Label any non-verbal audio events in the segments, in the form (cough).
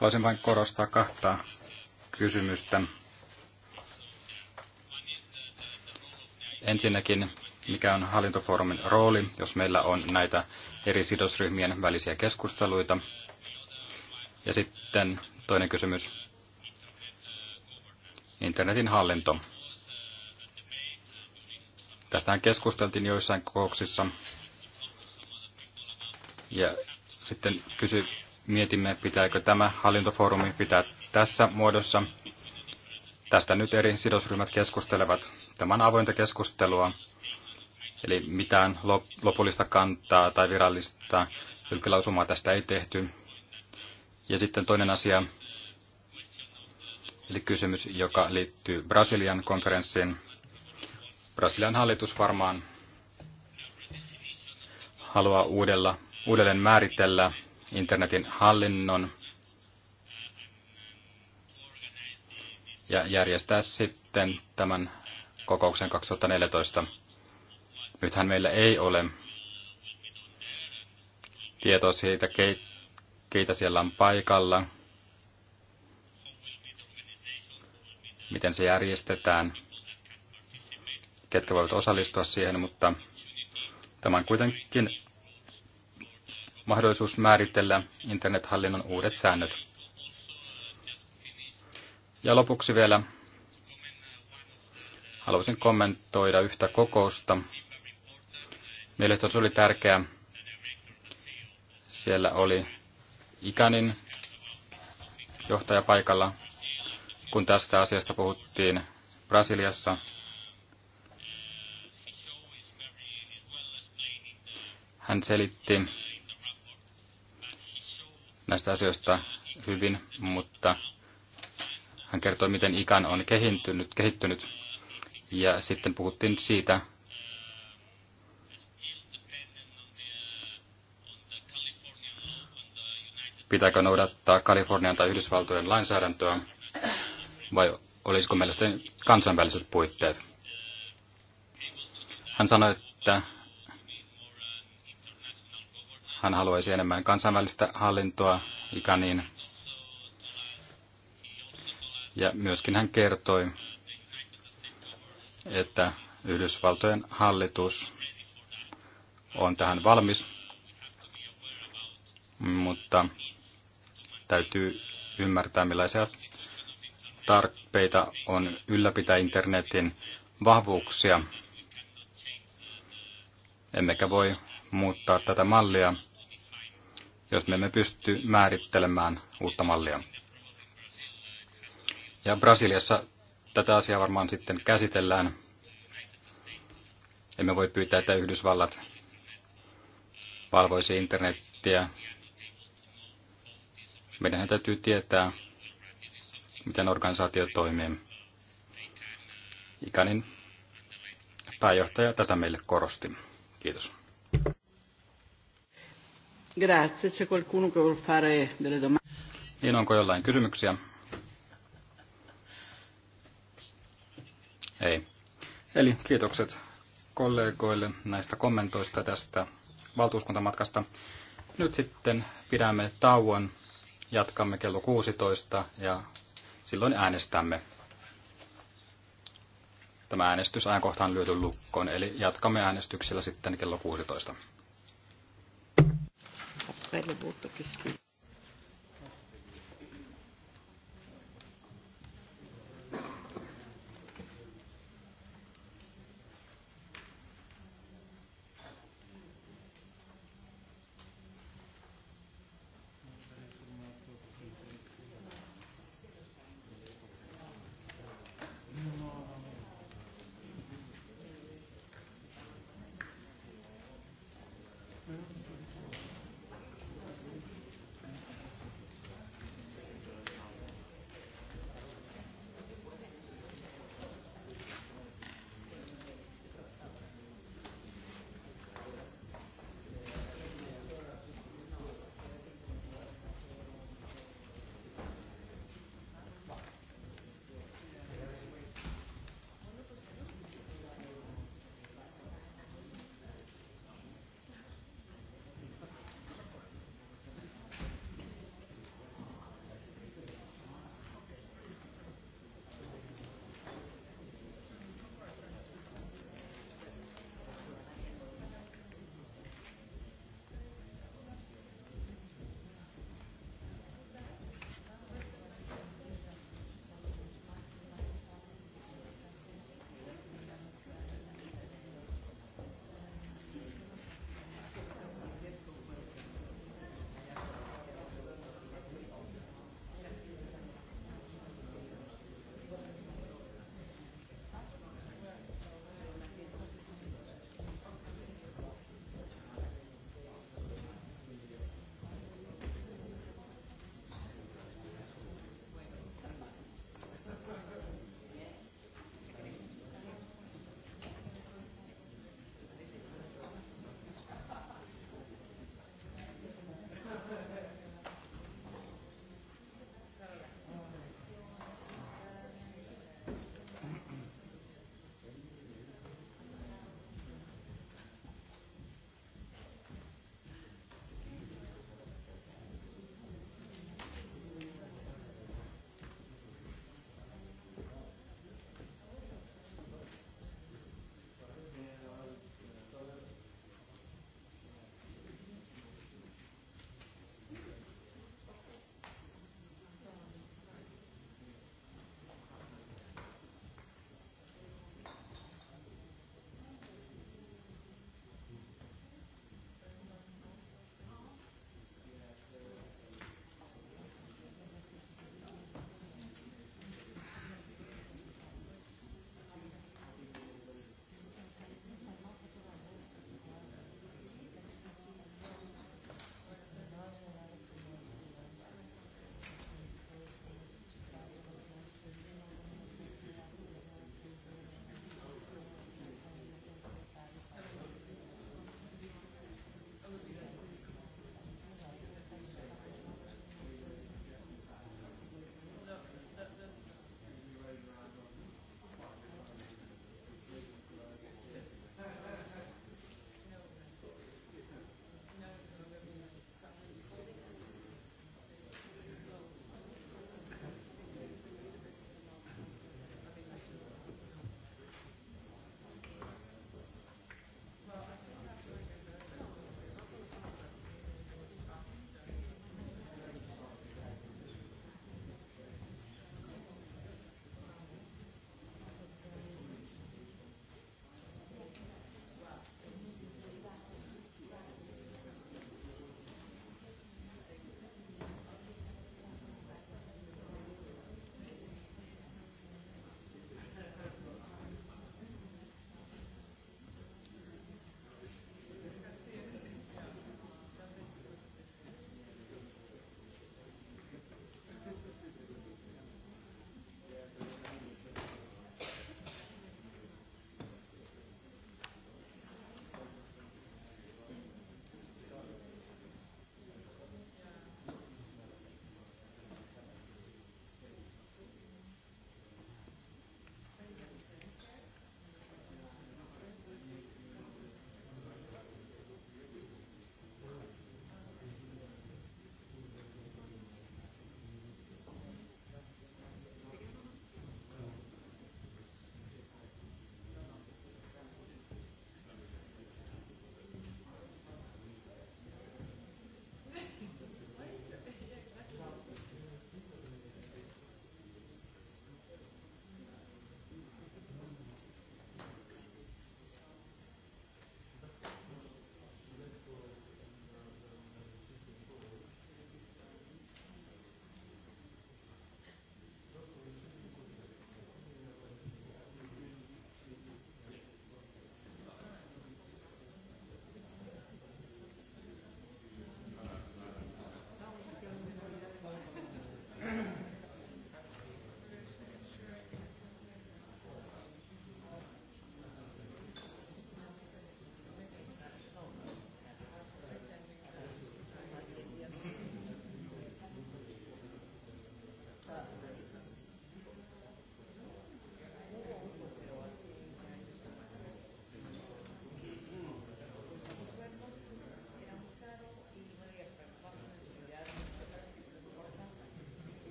Haluaisin vain korostaa kahta kysymystä. Ensinnäkin, mikä on hallintofoorumin rooli, jos meillä on näitä eri sidosryhmien välisiä keskusteluita. Ja sitten toinen kysymys, internetin hallinto. Tästähän keskusteltiin joissain kokouksissa. Ja sitten kysy, mietimme, pitääkö tämä hallintofoorumi pitää tässä muodossa. Tästä nyt eri sidosryhmät keskustelevat. tämän avointa keskustelua, eli mitään lop lopullista kantaa tai virallista ylkilausumaa tästä ei tehty. Ja sitten toinen asia, eli kysymys, joka liittyy Brasilian konferenssiin. Brasilian hallitus varmaan haluaa uudella, uudelleen määritellä internetin hallinnon ja järjestää sitten tämän kokouksen 2014. Nythän meillä ei ole tietoa siitä, keitä siellä on paikalla, miten se järjestetään, ketkä voivat osallistua siihen, mutta tämä on kuitenkin mahdollisuus määritellä internethallinnon uudet säännöt. Ja lopuksi vielä haluaisin kommentoida yhtä kokousta. Mielestäni se oli tärkeää. Siellä oli Ikanin johtaja paikalla, kun tästä asiasta puhuttiin Brasiliassa. Hän selitti näistä asioista hyvin, mutta hän kertoi, miten ikan on kehittynyt, kehittynyt. Ja sitten puhuttiin siitä, pitääkö noudattaa Kalifornian tai Yhdysvaltojen lainsäädäntöä vai olisiko meillä sitten kansainväliset puitteet. Hän sanoi, että hän haluaisi enemmän kansainvälistä hallintoa Ikaniin. Ja myöskin hän kertoi, että Yhdysvaltojen hallitus on tähän valmis, mutta täytyy ymmärtää, millaisia tarpeita on ylläpitää internetin vahvuuksia. Emmekä voi muuttaa tätä mallia, jos me emme pysty määrittelemään uutta mallia. Ja Brasiliassa tätä asiaa varmaan sitten käsitellään. Emme voi pyytää, että Yhdysvallat valvoisi internettiä. Meidän täytyy tietää, miten organisaatio toimii. Ikanin pääjohtaja tätä meille korosti. Kiitos. Grazie, c'è qualcuno che fare delle domande? Niin, onko jollain kysymyksiä? Ei. Eli kiitokset kollegoille näistä kommentoista tästä valtuuskuntamatkasta. Nyt sitten pidämme tauon, jatkamme kello 16 ja silloin äänestämme. Tämä äänestys ajankohtaan lyöty lukkoon, eli jatkamme äänestyksellä sitten kello 16 après le vote. Qu'est-ce que...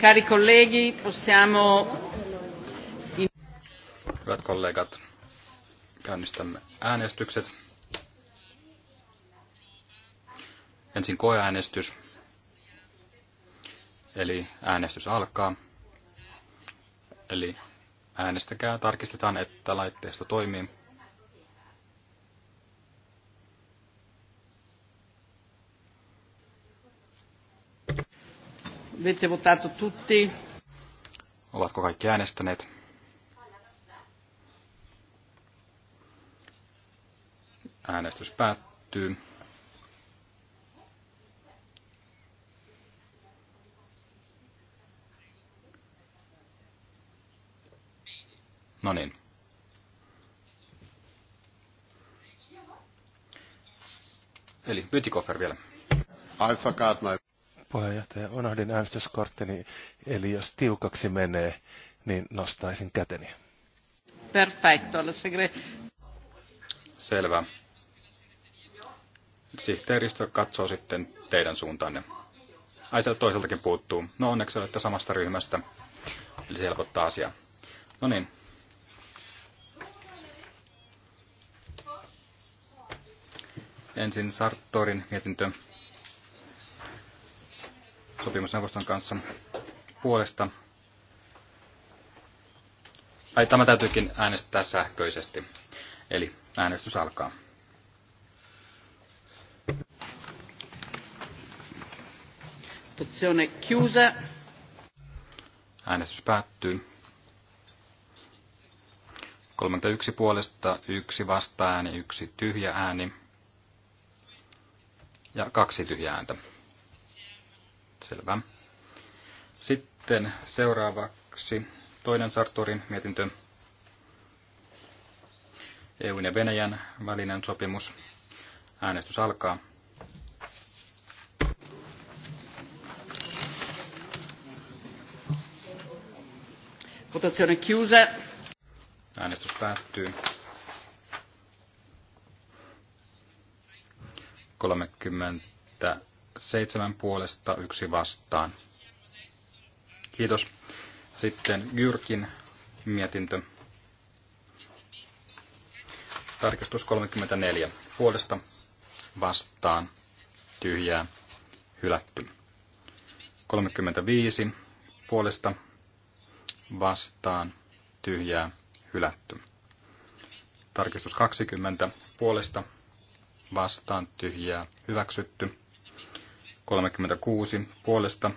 Cari colleghi, possiamo... Hyvät kollegat, käynnistämme äänestykset. Ensin koeäänestys. Eli äänestys alkaa. Eli äänestäkää, tarkistetaan, että laitteisto toimii. Avete votato tutti? Ovatko kaikki äänestäneet? Äänestys päättyy. No niin. Eli Bytikoffer vielä. I forgot my puheenjohtaja. Unohdin äänestyskortteni, eli jos tiukaksi menee, niin nostaisin käteni. Perfetto, Selvä. Sihteeristö katsoo sitten teidän suuntaanne. Ai sieltä toiseltakin puuttuu. No onneksi olette samasta ryhmästä. Eli se helpottaa asiaa. No niin. Ensin Sartorin mietintö sopimusneuvoston kanssa puolesta. Ai, tämä täytyykin äänestää sähköisesti. Eli äänestys alkaa. Votazione chiusa. Äänestys päättyy. 31 puolesta, yksi vasta-ääni, yksi tyhjä ääni ja kaksi tyhjää ääntä. Selvä. Sitten seuraavaksi toinen Sartorin mietintö. EUn ja Venäjän välinen sopimus. Äänestys alkaa. Votazione chiusa. Äänestys päättyy. 30 seitsemän puolesta yksi vastaan. Kiitos. Sitten Jyrkin mietintö. Tarkistus 34. Puolesta vastaan tyhjää hylätty. 35. Puolesta vastaan tyhjää hylätty. Tarkistus 20. Puolesta vastaan tyhjää hyväksytty. 36 puolesta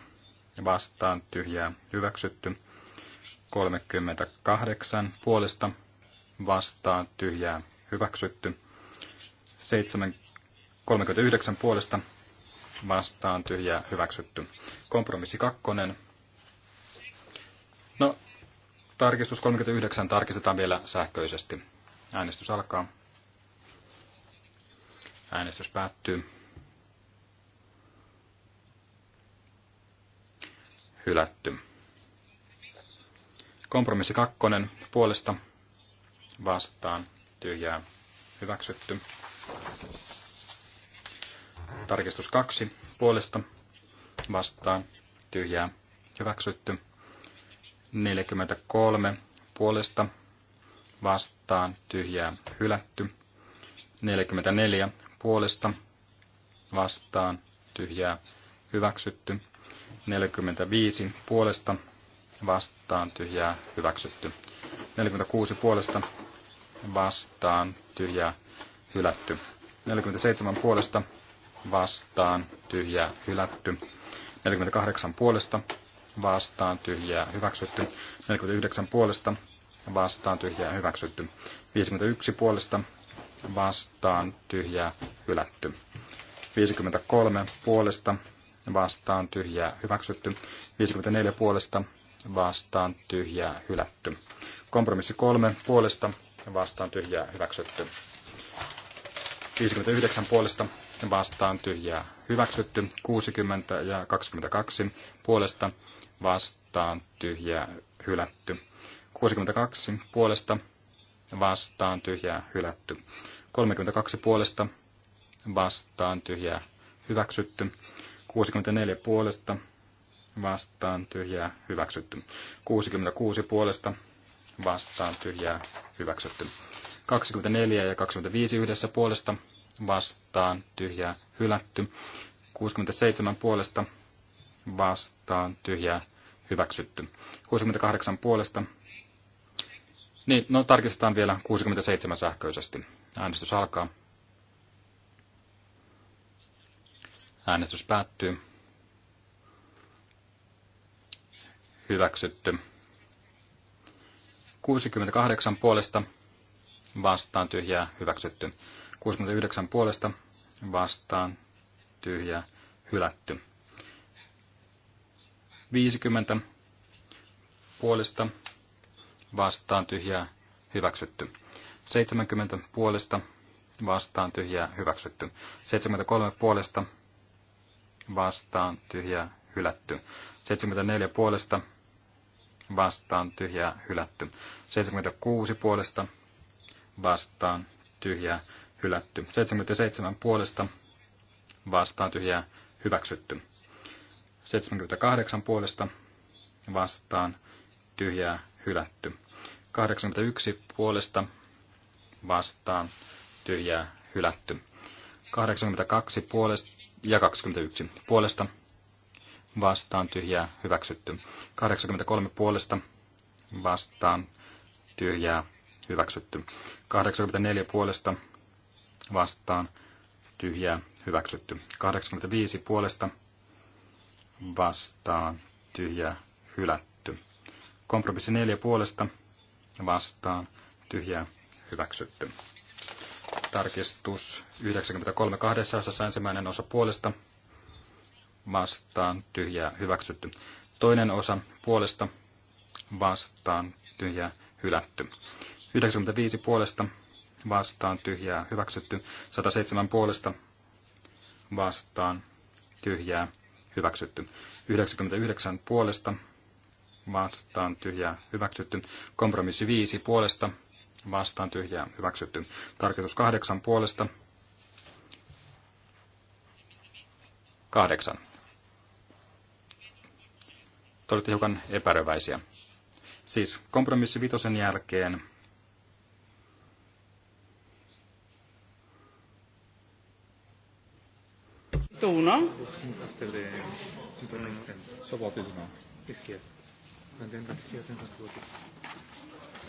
vastaan tyhjää hyväksytty. 38 puolesta vastaan tyhjää hyväksytty. 7, 39 puolesta vastaan tyhjää hyväksytty. Kompromissi 2. No, tarkistus 39 tarkistetaan vielä sähköisesti. Äänestys alkaa. Äänestys päättyy. hylätty. Kompromissi kakkonen puolesta vastaan tyhjää hyväksytty. Tarkistus kaksi puolesta vastaan tyhjää hyväksytty. 43 puolesta vastaan tyhjää hylätty. 44 puolesta vastaan tyhjää hyväksytty. 45 puolesta vastaan tyhjää hyväksytty. 46 puolesta vastaan tyhjää hylätty. 47 puolesta vastaan tyhjää hylätty. 48 puolesta vastaan tyhjää hyväksytty. 49 puolesta vastaan tyhjää hyväksytty. 51 puolesta vastaan tyhjää hylätty. 53 puolesta vastaan tyhjää hyväksytty. 54 puolesta vastaan tyhjää hylätty. Kompromissi 3 puolesta vastaan tyhjää hyväksytty. 59 puolesta vastaan tyhjää hyväksytty. 60 ja 22 puolesta vastaan tyhjää hylätty. 62 puolesta vastaan tyhjää hylätty. 32 puolesta vastaan tyhjää hyväksytty. 64 puolesta vastaan tyhjää hyväksytty. 66 puolesta vastaan tyhjää hyväksytty. 24 ja 25 yhdessä puolesta vastaan tyhjää hylätty. 67 puolesta vastaan tyhjää hyväksytty. 68 puolesta. Niin, no tarkistetaan vielä 67 sähköisesti. Äänestys alkaa. Äänestys päättyy. Hyväksytty. 68 puolesta vastaan tyhjää hyväksytty. 69 puolesta vastaan tyhjää hylätty. 50 puolesta vastaan tyhjää hyväksytty. 70 puolesta vastaan tyhjää hyväksytty. 73 puolesta vastaan tyhjää hylätty. 74 puolesta vastaan tyhjää hylätty. 76 puolesta vastaan tyhjää hylätty. 77 puolesta vastaan tyhjää hyväksytty. 78 puolesta vastaan tyhjää hylätty. 81 puolesta vastaan tyhjää hylätty. 82 puolesta ja 21 puolesta vastaan tyhjää hyväksytty. 83 puolesta vastaan tyhjää hyväksytty. 84 puolesta vastaan tyhjää hyväksytty. 85 puolesta vastaan tyhjää hylätty. Kompromissi 4 puolesta vastaan tyhjää hyväksytty tarkistus 93 kahdessa osassa ensimmäinen osa puolesta vastaan tyhjää hyväksytty. Toinen osa puolesta vastaan tyhjää hylätty. 95 puolesta vastaan tyhjää hyväksytty. 107 puolesta vastaan tyhjää hyväksytty. 99 puolesta vastaan tyhjää hyväksytty. Kompromissi 5 puolesta vastaan tyhjää hyväksytty. Tarkistus kahdeksan puolesta. Kahdeksan. Te olette hiukan epäröväisiä. Siis kompromissi vitosen jälkeen uno. So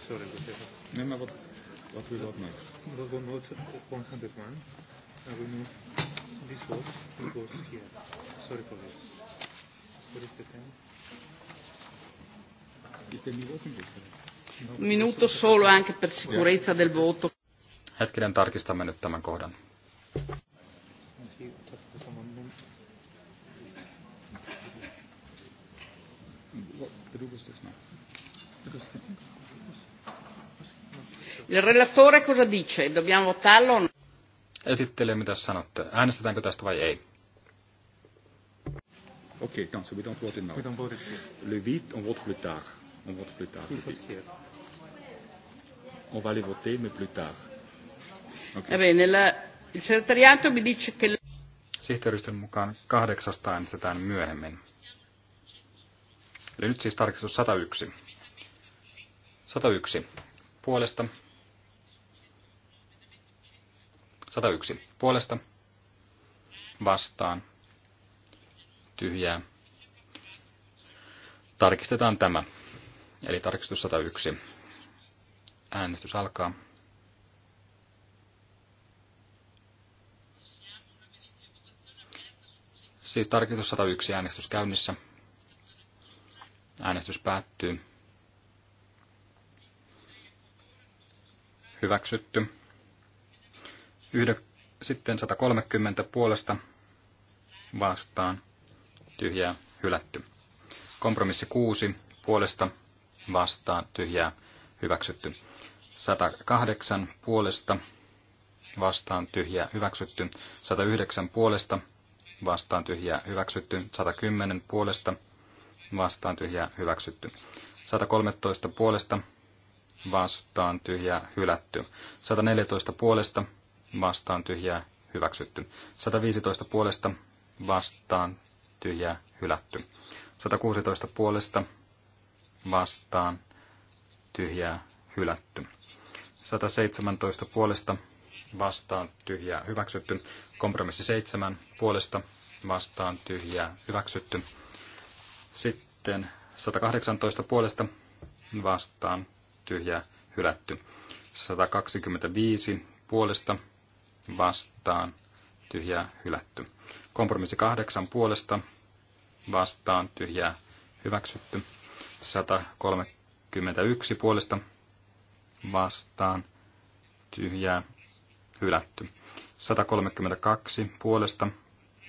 Sorry, no, no, what, what we got next? But one more, 101. I will move this vote, it goes here. Sorry for this. What is the time? Minuutto solo anche per sicurezza del voto. Hetkinen tarkistamme nyt tämän kohdan. What, the Because I think Il relatore cosa dice? Dobbiamo votarlo? No? Esittelee, mitä sanotte. Äänestetäänkö tästä vai ei? Okei, okay, non, so we don't vote it now. We don't vote it Le 8, on vote plus tard. On vote plus tard. On va les voter, mais plus tard. Okay. Bene, la, il segretariato mi dice che... Sihteeristön mukaan kahdeksasta äänestetään myöhemmin. Eli nyt siis tarkistus 101. 101. Puolesta 101 puolesta vastaan tyhjää. Tarkistetaan tämä, eli tarkistus 101. Äänestys alkaa. Siis tarkistus 101 äänestys käynnissä. Äänestys päättyy. Hyväksytty. Yhde, sitten 130 puolesta vastaan tyhjää hylätty. Kompromissi 6 puolesta vastaan tyhjää hyväksytty. 108 puolesta vastaan tyhjää hyväksytty. 109 puolesta vastaan tyhjää hyväksytty. 110 puolesta vastaan tyhjää hyväksytty. 113 puolesta vastaan tyhjää hylätty. 114 puolesta vastaan tyhjää hyväksytty. 115 puolesta vastaan tyhjää hylätty. 116 puolesta vastaan tyhjää hylätty. 117 puolesta vastaan tyhjää hyväksytty. Kompromissi 7 puolesta vastaan tyhjää hyväksytty. Sitten 118 puolesta vastaan tyhjää hylätty. 125 puolesta vastaan, tyhjää, hylätty. Kompromissi kahdeksan puolesta, vastaan, tyhjää, hyväksytty. 131 puolesta, vastaan, tyhjää, hylätty. 132 puolesta,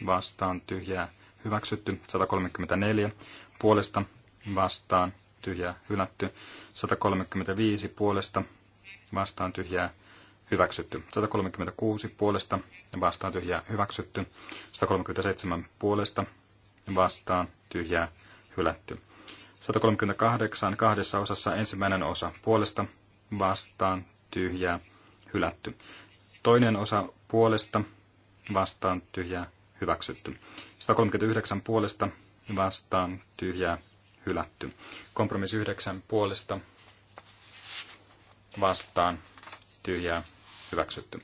vastaan, tyhjää, hyväksytty. 134 puolesta, vastaan, tyhjää, hylätty. 135 puolesta, vastaan, tyhjää, hyväksytty. 136 puolesta vastaan tyhjää hyväksytty. 137 puolesta vastaan tyhjää hylätty. 138 kahdessa osassa ensimmäinen osa puolesta vastaan tyhjää hylätty. Toinen osa puolesta vastaan tyhjää hyväksytty. 139 puolesta vastaan tyhjää hylätty. Kompromissi 9 puolesta vastaan tyhjää Hyväksytty.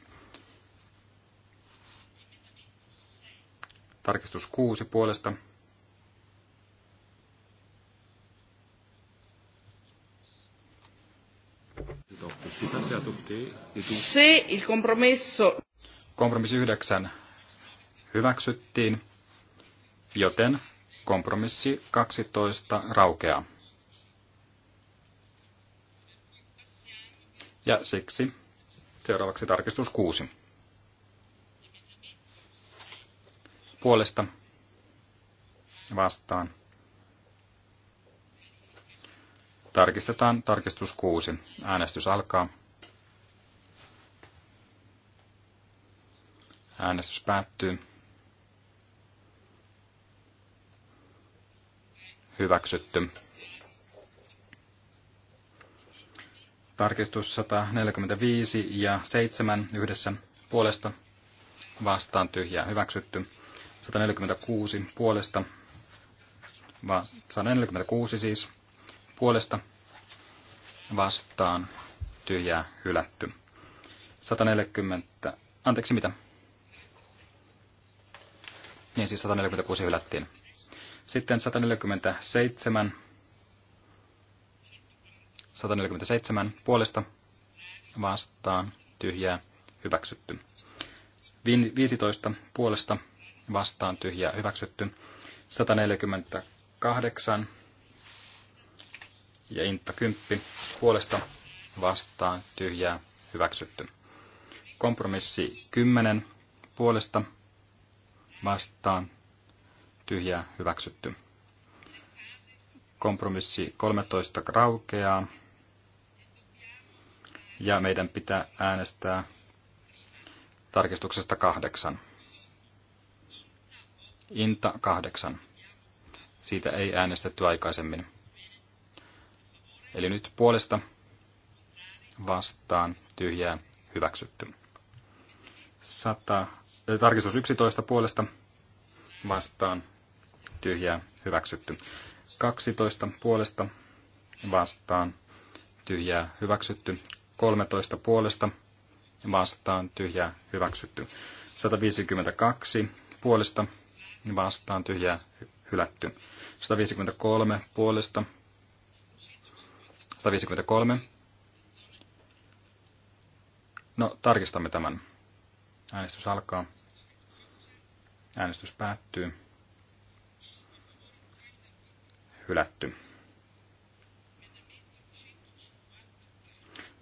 Tarkistus 6 puolesta. Se il compromesso. Kompromissi 9 hyväksyttiin, joten kompromissi 12 raukeaa. Ja siksi Seuraavaksi tarkistus 6. Puolesta vastaan. Tarkistetaan tarkistus 6. Äänestys alkaa. Äänestys päättyy. Hyväksytty. Tarkistus 145 ja 7 yhdessä puolesta vastaan tyhjää hyväksytty. 146 puolesta, va, 146 siis puolesta vastaan tyhjää hylätty. 140, anteeksi mitä? Niin siis 146 hylättiin. Sitten 147 147 puolesta vastaan tyhjää hyväksytty. 15 puolesta vastaan tyhjää hyväksytty. 148 ja Intta 10 puolesta vastaan tyhjää hyväksytty. Kompromissi 10 puolesta vastaan tyhjää hyväksytty. Kompromissi 13 raukeaa ja meidän pitää äänestää tarkistuksesta kahdeksan. Inta kahdeksan. Siitä ei äänestetty aikaisemmin. Eli nyt puolesta vastaan tyhjää hyväksytty. Sata tarkistus 11 puolesta vastaan tyhjää hyväksytty. 12 puolesta vastaan tyhjää hyväksytty. 13 puolesta vastaan tyhjää hyväksytty. 152 puolesta vastaan tyhjää hylätty. 153 puolesta 153. No, tarkistamme tämän. Äänestys alkaa. Äänestys päättyy. Hylätty.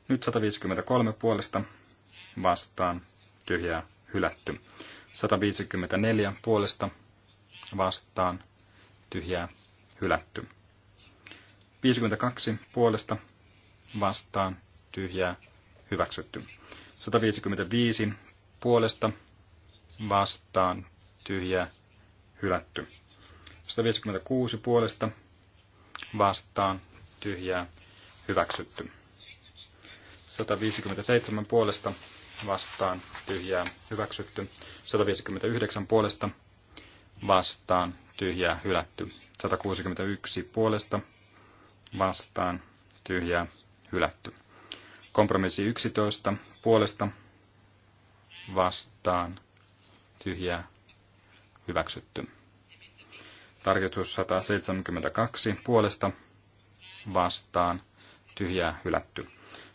Nyt 153 puolesta vastaan tyhjää hylätty. 154 puolesta vastaan tyhjää hylätty. 52 puolesta vastaan tyhjää hyväksytty. 155 puolesta vastaan tyhjää hylätty. 156 puolesta vastaan tyhjää hyväksytty. 157 puolesta vastaan tyhjää hyväksytty. 159 puolesta vastaan tyhjää hylätty. 161 puolesta vastaan tyhjää hylätty. Kompromissi 11 puolesta vastaan tyhjää hyväksytty. Tarkistus 172 puolesta vastaan tyhjää hylätty.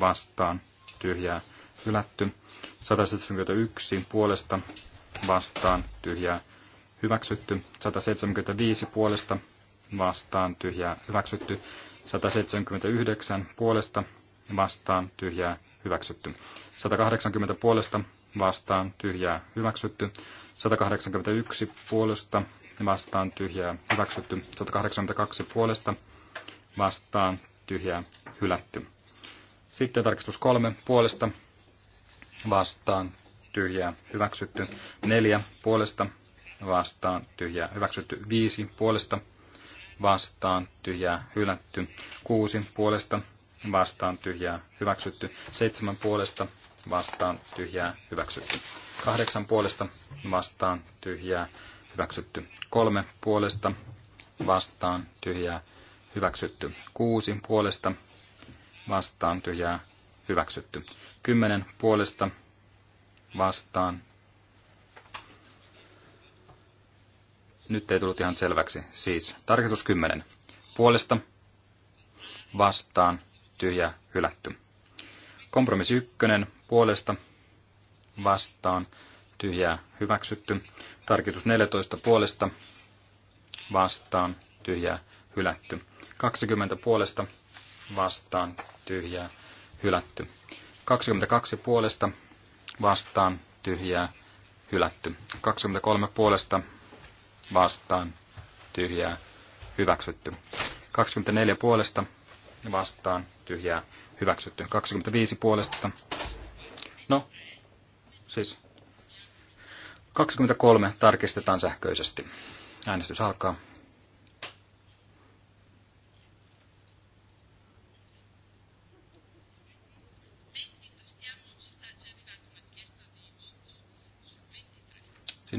vastaan tyhjää hylätty. 171 puolesta vastaan tyhjää hyväksytty. 175 puolesta vastaan tyhjää hyväksytty. 179 puolesta vastaan tyhjää hyväksytty. 180 puolesta vastaan tyhjää hyväksytty. 181 puolesta vastaan tyhjää hyväksytty. 182 puolesta vastaan tyhjää hylätty. Sitten tarkistus kolme puolesta vastaan tyhjää hyväksytty. Neljä puolesta vastaan tyhjää hyväksytty. Viisi puolesta vastaan tyhjää hylätty. Kuusi puolesta vastaan tyhjää hyväksytty. Seitsemän puolesta vastaan tyhjää hyväksytty. Kahdeksan puolesta vastaan tyhjää hyväksytty. Kolme puolesta vastaan tyhjää hyväksytty. Kuusi puolesta vastaan tyhjää hyväksytty. Kymmenen puolesta vastaan. Nyt ei tullut ihan selväksi. Siis tarkistus kymmenen. Puolesta vastaan tyhjä hylätty. Kompromissi ykkönen puolesta vastaan tyhjää hyväksytty. Tarkistus 14 puolesta vastaan tyhjää hylätty. 20 puolesta vastaan tyhjää hylätty. 22 puolesta vastaan tyhjää hylätty. 23 puolesta vastaan tyhjää hyväksytty. 24 puolesta vastaan tyhjää hyväksytty. 25 puolesta. No, siis 23 tarkistetaan sähköisesti. Äänestys alkaa.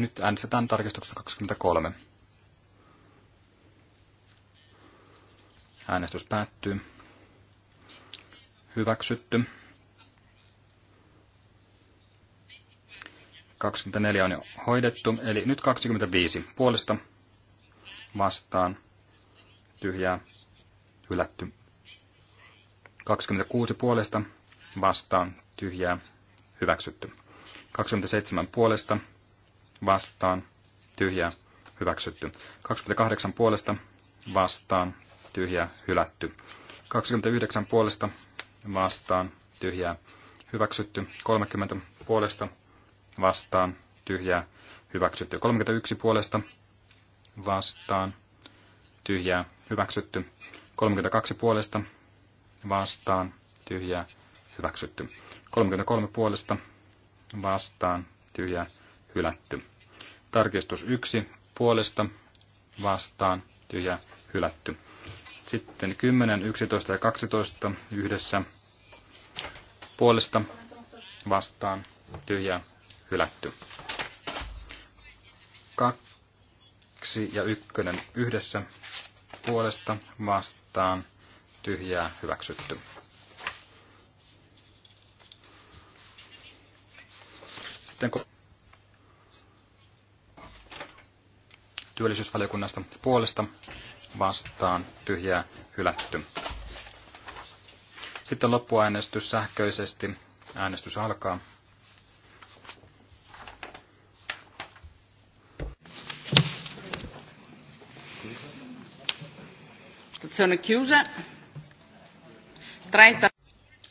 nyt äänestetään tarkistuksesta 23. Äänestys päättyy. Hyväksytty. 24 on jo hoidettu, eli nyt 25 puolesta vastaan tyhjää hylätty. 26 puolesta vastaan tyhjää hyväksytty. 27 puolesta vastaan, tyhjää, hyväksytty. 28 puolesta vastaan, tyhjää, hylätty. 29 puolesta vastaan, tyhjää, hyväksytty. 30 puolesta vastaan, tyhjää, hyväksytty. 31 puolesta vastaan, tyhjää, hyväksytty. 32 puolesta vastaan, tyhjää, hyväksytty. 33 puolesta vastaan, tyhjää, hylätty. Tarkistus 1 puolesta vastaan tyhjä hylätty. Sitten 10, 11 ja 12 yhdessä puolesta vastaan tyhjä hylätty. 2 ja 1 yhdessä puolesta vastaan tyhjää hyväksytty. Sitten työllisyysvaliokunnasta puolesta vastaan tyhjää hylätty. Sitten loppuäänestys sähköisesti. Äänestys alkaa.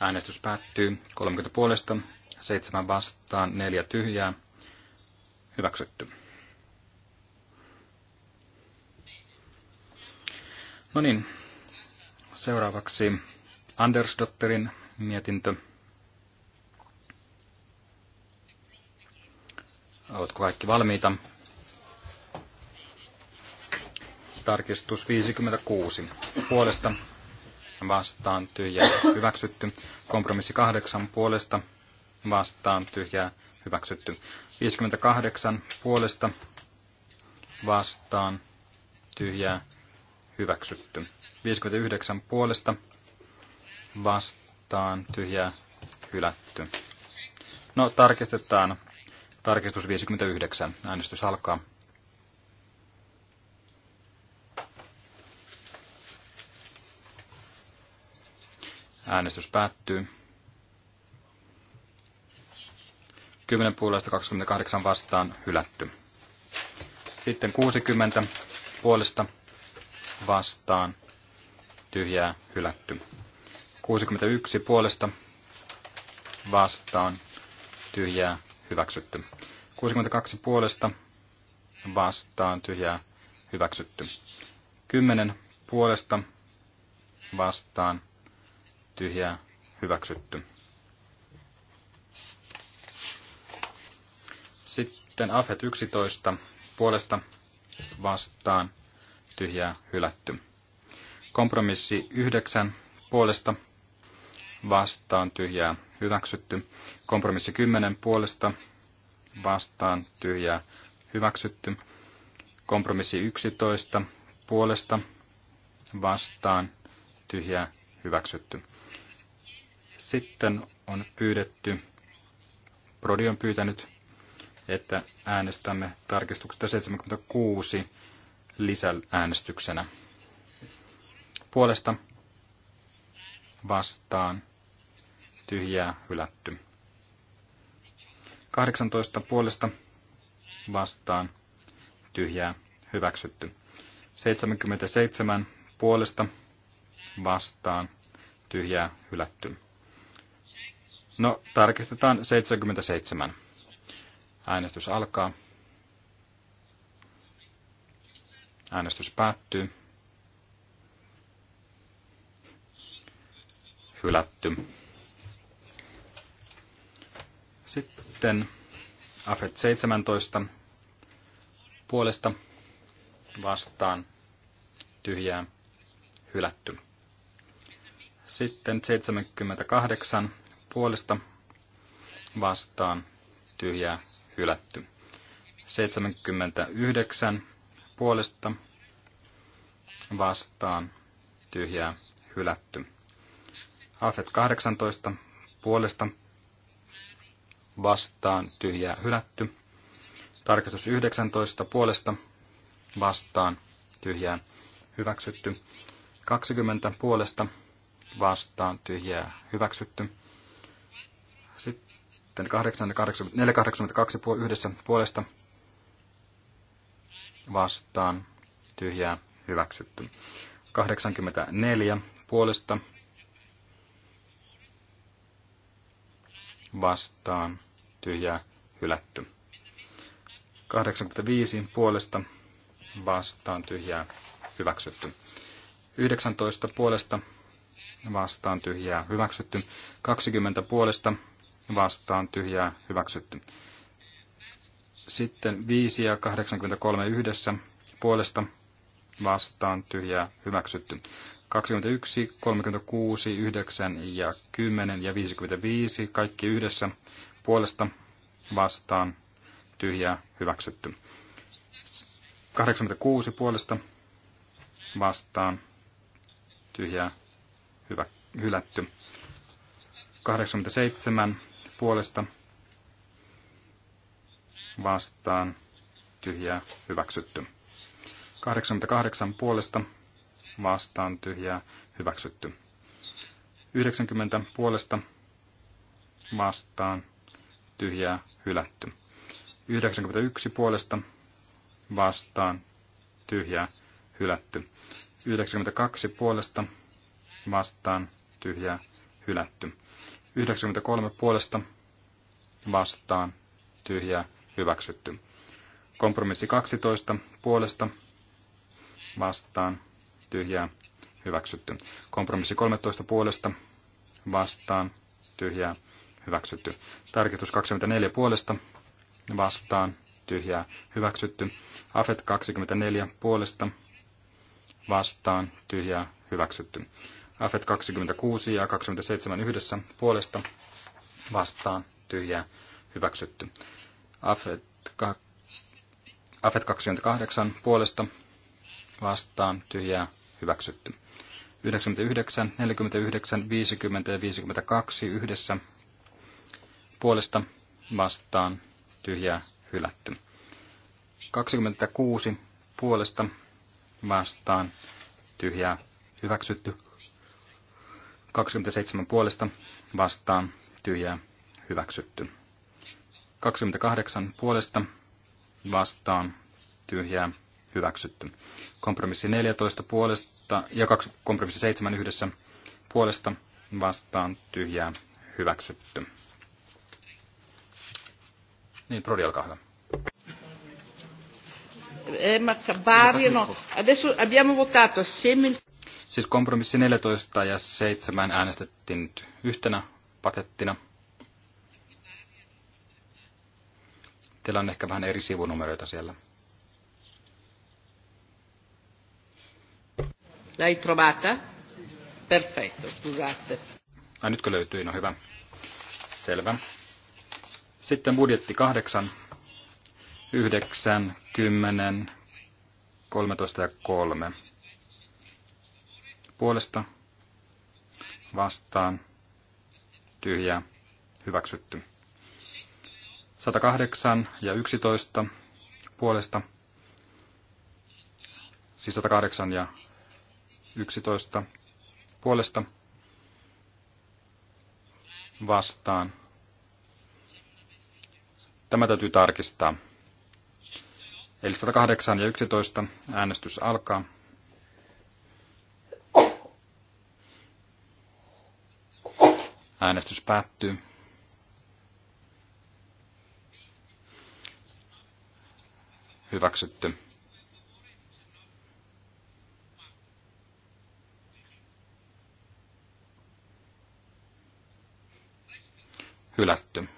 Äänestys päättyy 30 puolesta, 7 vastaan, 4 tyhjää. Hyväksytty. No niin, seuraavaksi Andersdotterin mietintö. Oletko kaikki valmiita? Tarkistus 56. Puolesta vastaan tyhjä hyväksytty. Kompromissi 8 puolesta vastaan tyhjä hyväksytty. 58 puolesta vastaan tyhjää hyväksytty. 59 puolesta vastaan tyhjää hylätty. No, tarkistetaan. Tarkistus 59. Äänestys alkaa. Äänestys päättyy. 10 puolesta 28 vastaan hylätty. Sitten 60 puolesta vastaan tyhjää hylätty. 61 puolesta vastaan tyhjää hyväksytty. 62 puolesta vastaan tyhjää hyväksytty. 10 puolesta vastaan tyhjää hyväksytty. Sitten Afet 11 puolesta vastaan tyhjää hylätty. Kompromissi yhdeksän puolesta vastaan tyhjää hyväksytty. Kompromissi kymmenen puolesta vastaan tyhjää hyväksytty. Kompromissi yksitoista puolesta vastaan tyhjää hyväksytty. Sitten on pyydetty, Prodi on pyytänyt, että äänestämme tarkistuksesta 76 lisääänestyksenä. Puolesta vastaan tyhjää hylätty. 18 puolesta vastaan tyhjää hyväksytty. 77 puolesta vastaan tyhjää hylätty. No, tarkistetaan 77. Äänestys alkaa. Äänestys päättyy. Hylätty. Sitten AFET 17 puolesta vastaan tyhjää hylätty. Sitten 78 puolesta vastaan tyhjää hylätty. 79 puolesta vastaan tyhjää hylätty. Afet 18 puolesta vastaan tyhjää hylätty. Tarkastus 19 puolesta vastaan tyhjää hyväksytty. 20 puolesta vastaan tyhjää hyväksytty. Sitten 8, 8, 482 yhdessä puolesta vastaan tyhjää hyväksytty. 84 puolesta vastaan tyhjää hylätty. 85 puolesta vastaan tyhjää hyväksytty. 19 puolesta vastaan tyhjää hyväksytty. 20 puolesta vastaan tyhjää hyväksytty. Sitten 5 ja 83 yhdessä puolesta vastaan tyhjää hyväksytty. 21, 36, 9 ja 10 ja 55 kaikki yhdessä puolesta vastaan tyhjää hyväksytty. 86 puolesta vastaan tyhjää hyvä, hylätty. 87 puolesta vastaan tyhjää hyväksytty. 88 puolesta vastaan tyhjää hyväksytty. 90 puolesta vastaan tyhjää hylätty. 91 puolesta vastaan tyhjää hylätty. 92 puolesta vastaan tyhjää hylätty. 93 puolesta vastaan tyhjää hyväksytty. Kompromissi 12 puolesta vastaan tyhjää hyväksytty. Kompromissi 13 puolesta vastaan tyhjää hyväksytty. Tarkistus 24 puolesta vastaan tyhjää hyväksytty. Afet 24 puolesta vastaan tyhjää hyväksytty. Afet 26 ja 27 yhdessä puolesta vastaan tyhjää hyväksytty. Afet, ka, Afet 28 puolesta vastaan tyhjää hyväksytty. 99, 49, 50 ja 52 yhdessä puolesta vastaan tyhjää hylätty. 26 puolesta vastaan tyhjää hyväksytty. 27 puolesta vastaan tyhjää hyväksytty. 28 puolesta vastaan tyhjää hyväksytty. Kompromissi 14 puolesta ja kaksi, kompromissi 7 yhdessä puolesta vastaan tyhjää hyväksytty. Niin, Prodi, olkaa hyvä. Eh, no. Siis kompromissi 14 ja 7 äänestettiin nyt yhtenä pakettina. Teillä on ehkä vähän eri sivunumeroita siellä. L'hai trovata? Perfetto, scusate. Ai nytkö löytyi? No hyvä. Selvä. Sitten budjetti 8, 9, 10, 13 ja 3. Puolesta, vastaan, tyhjä hyväksytty. 108 ja 11 puolesta. Siis 108 ja 11 puolesta vastaan. Tämä täytyy tarkistaa. Eli 108 ja 11 äänestys alkaa. Äänestys päättyy. hyväksytty. Hylätty.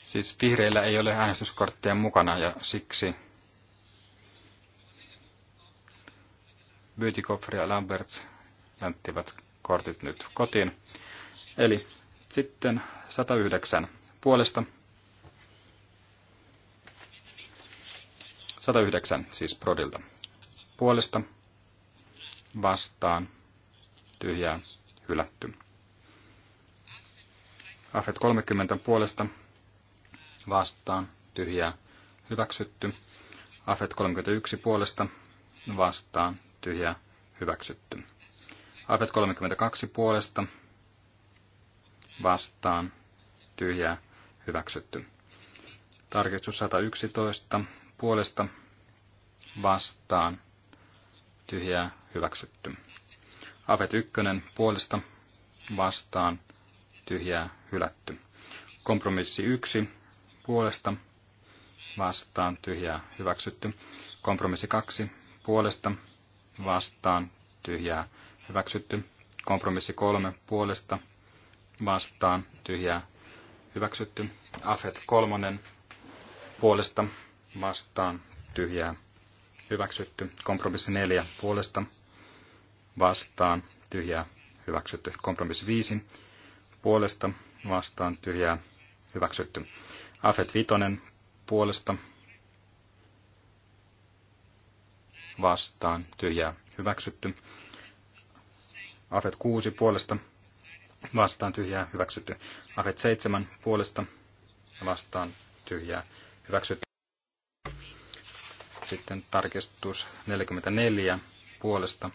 Siis vihreillä ei ole äänestyskortteja mukana ja siksi Bytikoffer ja Lambert jättivät kortit nyt kotiin. Eli sitten 109 puolesta. 109 siis Prodilta. Puolesta vastaan tyhjää hylätty. Afet 30 puolesta vastaan tyhjää hyväksytty. Afet 31 puolesta vastaan tyhjää hyväksytty. Afet 32 puolesta vastaan tyhjää hyväksytty. Tarkistus 111 puolesta vastaan tyhjää hyväksytty. Avet 1 puolesta vastaan tyhjää hylätty. Kompromissi 1 puolesta vastaan tyhjää hyväksytty. Kompromissi 2 puolesta vastaan tyhjää hyväksytty. Kompromissi 3 puolesta vastaan tyhjää hyväksytty. Afet kolmonen puolesta vastaan tyhjää hyväksytty. Kompromissi neljä puolesta vastaan tyhjää hyväksytty. Kompromissi viisi puolesta vastaan tyhjää hyväksytty. Afet vitonen puolesta vastaan tyhjää hyväksytty. Afet kuusi puolesta vastaan tyhjää hyväksytty. Afet 7 puolesta vastaan tyhjää hyväksytty. Sitten tarkistus 44 puolesta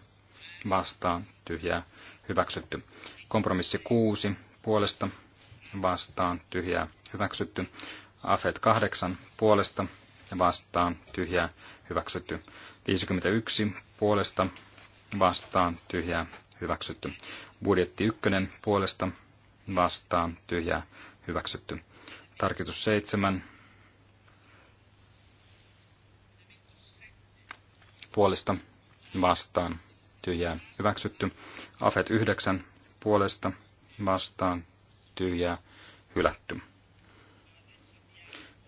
vastaan tyhjää hyväksytty. Kompromissi 6 puolesta vastaan tyhjää hyväksytty. Afet 8 puolesta vastaan tyhjää hyväksytty. 51 puolesta vastaan tyhjää hyväksytty. Budjetti ykkönen puolesta vastaan tyhjää hyväksytty. Tarkistus seitsemän puolesta vastaan tyhjää hyväksytty. Afet 9 puolesta vastaan tyhjää hylätty.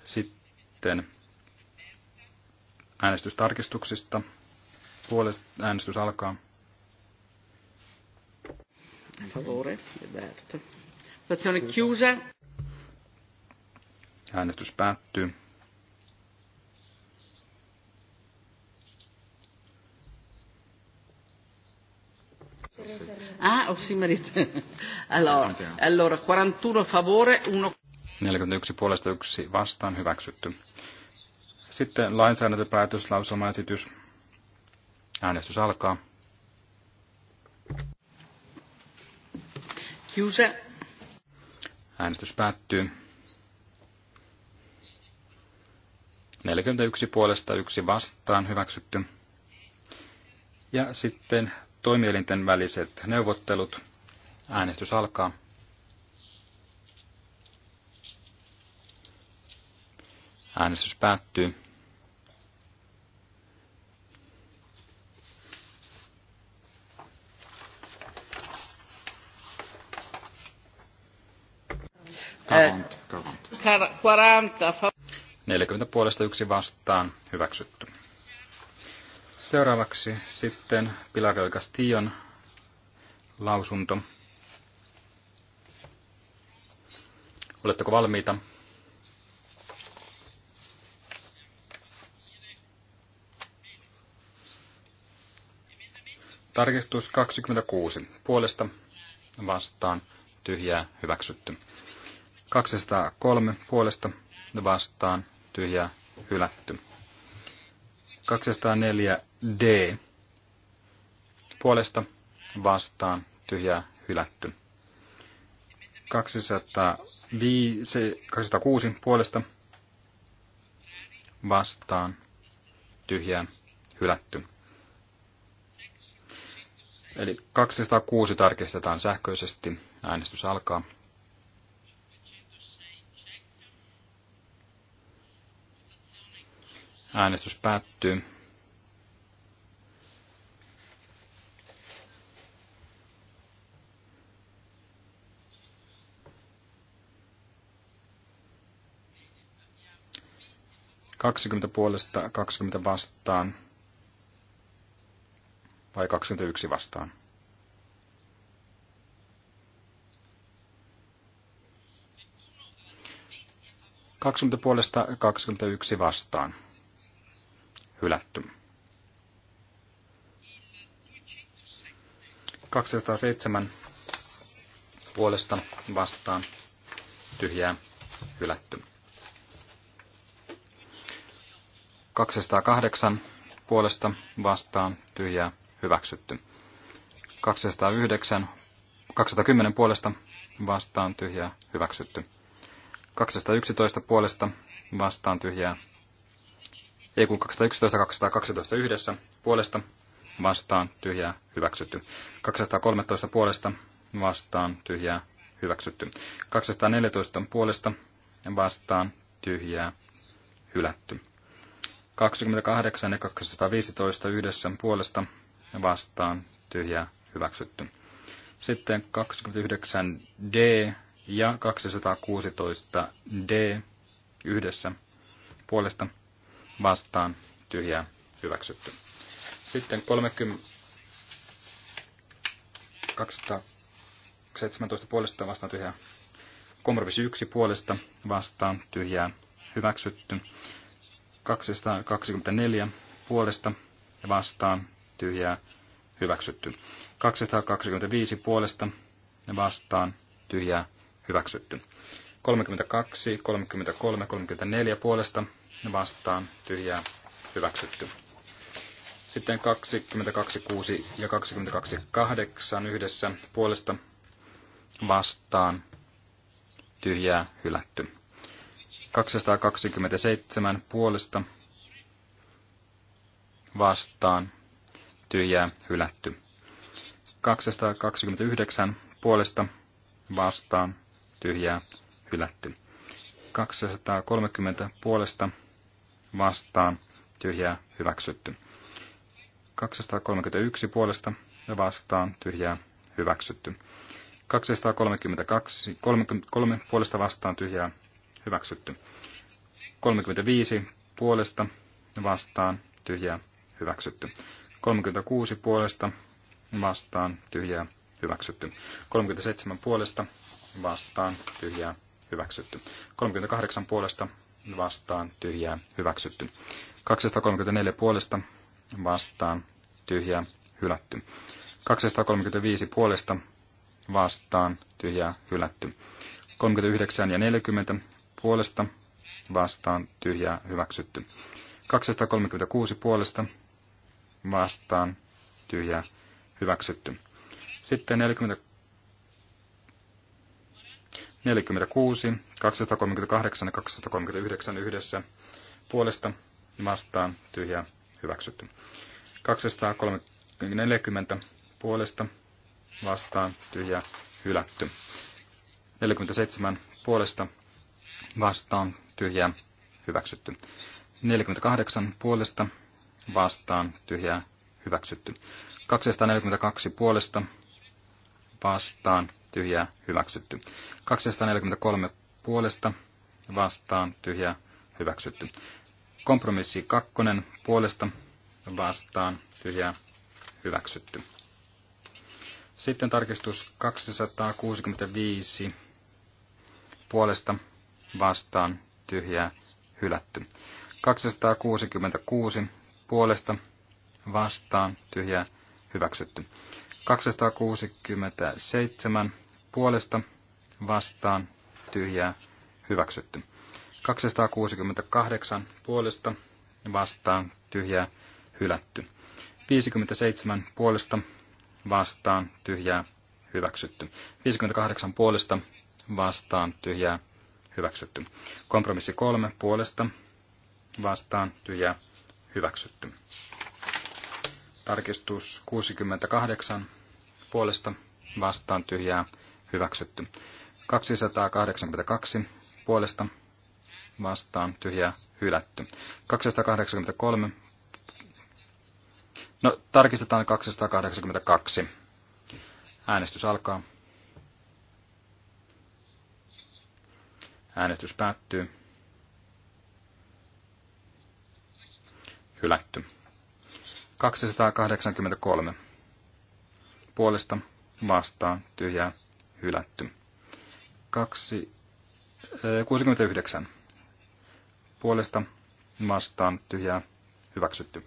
Sitten äänestystarkistuksista. Puolesta äänestys alkaa. A favore, Votazione chiusa. Äänestys päättyy. Ah, oh, merit. Allora, allora 41 favore, 1... 41 puolesta yksi vastaan hyväksytty. Sitten lainsäädäntöpäätöslauselmaesitys. Äänestys alkaa. Chiusa. Äänestys päättyy. 41 puolesta yksi vastaan hyväksytty. Ja sitten toimielinten väliset neuvottelut. Äänestys alkaa. Äänestys päättyy. 40 puolesta yksi vastaan hyväksytty. Seuraavaksi sitten Pilar del Castillon lausunto. Oletteko valmiita? Tarkistus 26. Puolesta vastaan tyhjää hyväksytty. 203 puolesta vastaan tyhjää hylätty. 204 D puolesta vastaan tyhjää hylätty. 205, 206 puolesta vastaan tyhjää hylätty. Eli 206 tarkistetaan sähköisesti. Äänestys alkaa. Äänestys päättyy. Kaksikymmentä puolesta, kaksikymmentä vastaan vai yksi vastaan? Kaksikymmentä puolesta yksi vastaan hylätty. 207 puolesta vastaan tyhjää hylätty. 208 puolesta vastaan tyhjää hyväksytty. 209, 210 puolesta vastaan tyhjää hyväksytty. 211 puolesta vastaan tyhjää EQ kun 211 212 yhdessä puolesta vastaan tyhjää hyväksytty. 213 puolesta vastaan tyhjää hyväksytty. 214 puolesta vastaan tyhjää hylätty. 28 ja 215 yhdessä puolesta vastaan tyhjää hyväksytty. Sitten 29D ja 216D yhdessä puolesta vastaan tyhjää hyväksytty. Sitten 317 puolesta vastaan tyhjää. Kompromissi 1 puolesta vastaan tyhjää hyväksytty. 224 puolesta vastaan tyhjää hyväksytty. 225 puolesta vastaan tyhjää hyväksytty. 32, 33, 34 puolesta vastaan tyhjää hyväksytty. Sitten 22.6 ja 22.8 yhdessä puolesta vastaan tyhjää hylätty. 227 puolesta vastaan tyhjää hylätty. 229 puolesta vastaan tyhjää hylätty. 230 puolesta vastaan, vastaan, tyhjää, hyväksytty. 231 puolesta ja vastaan, tyhjää, hyväksytty. 232, 33 puolesta vastaan, tyhjää, hyväksytty. 35 puolesta ja vastaan, tyhjää, hyväksytty. 36 puolesta vastaan, tyhjää, hyväksytty. 37 puolesta vastaan, tyhjää, hyväksytty. 38 puolesta vastaan tyhjää hyväksytty. 234 puolesta vastaan tyhjää hylätty. 235 puolesta vastaan tyhjää hylätty. 39 ja 40 puolesta vastaan tyhjää hyväksytty. 236 puolesta vastaan tyhjää hyväksytty. Sitten 40, 46, 238 ja 239 yhdessä puolesta vastaan tyhjää hyväksytty. 240 puolesta vastaan tyhjä hylätty. 47 puolesta vastaan tyhjää hyväksytty. 48 puolesta vastaan tyhjää hyväksytty. 242 puolesta vastaan tyhjää hyväksytty. 243 puolesta vastaan tyhjää hyväksytty. Kompromissi 2 puolesta vastaan tyhjää hyväksytty. Sitten tarkistus 265 puolesta vastaan tyhjää hylätty. 266 puolesta vastaan tyhjää hyväksytty. 267 puolesta vastaan tyhjää hyväksytty. 268 puolesta vastaan tyhjää hylätty. 57 puolesta vastaan tyhjää hyväksytty. 58 puolesta vastaan tyhjää hyväksytty. Kompromissi 3 puolesta vastaan tyhjää hyväksytty. Tarkistus 68 puolesta vastaan tyhjää hyväksytty hyväksytty. 282 puolesta vastaan tyhjää hylätty. 283. No, tarkistetaan 282. Äänestys alkaa. Äänestys päättyy. Hylätty. 283. Puolesta vastaan tyhjää hylätty. 2, 69 eh, puolesta vastaan tyhjää hyväksytty.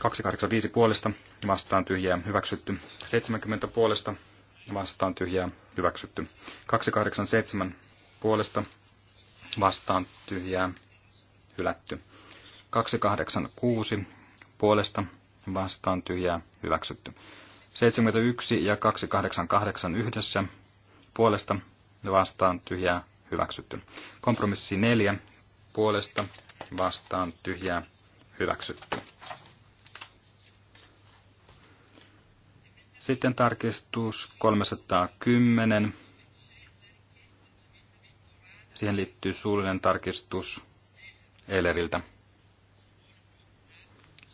285 puolesta vastaan tyhjää hyväksytty. 70 puolesta vastaan tyhjää hyväksytty. 287 puolesta vastaan tyhjää hylätty. 286 puolesta vastaan tyhjää hyväksytty. 71 ja 288 yhdessä puolesta vastaan tyhjää hyväksytty. Kompromissi 4 puolesta vastaan tyhjää hyväksytty. Sitten tarkistus 310. Siihen liittyy suullinen tarkistus Eleviltä.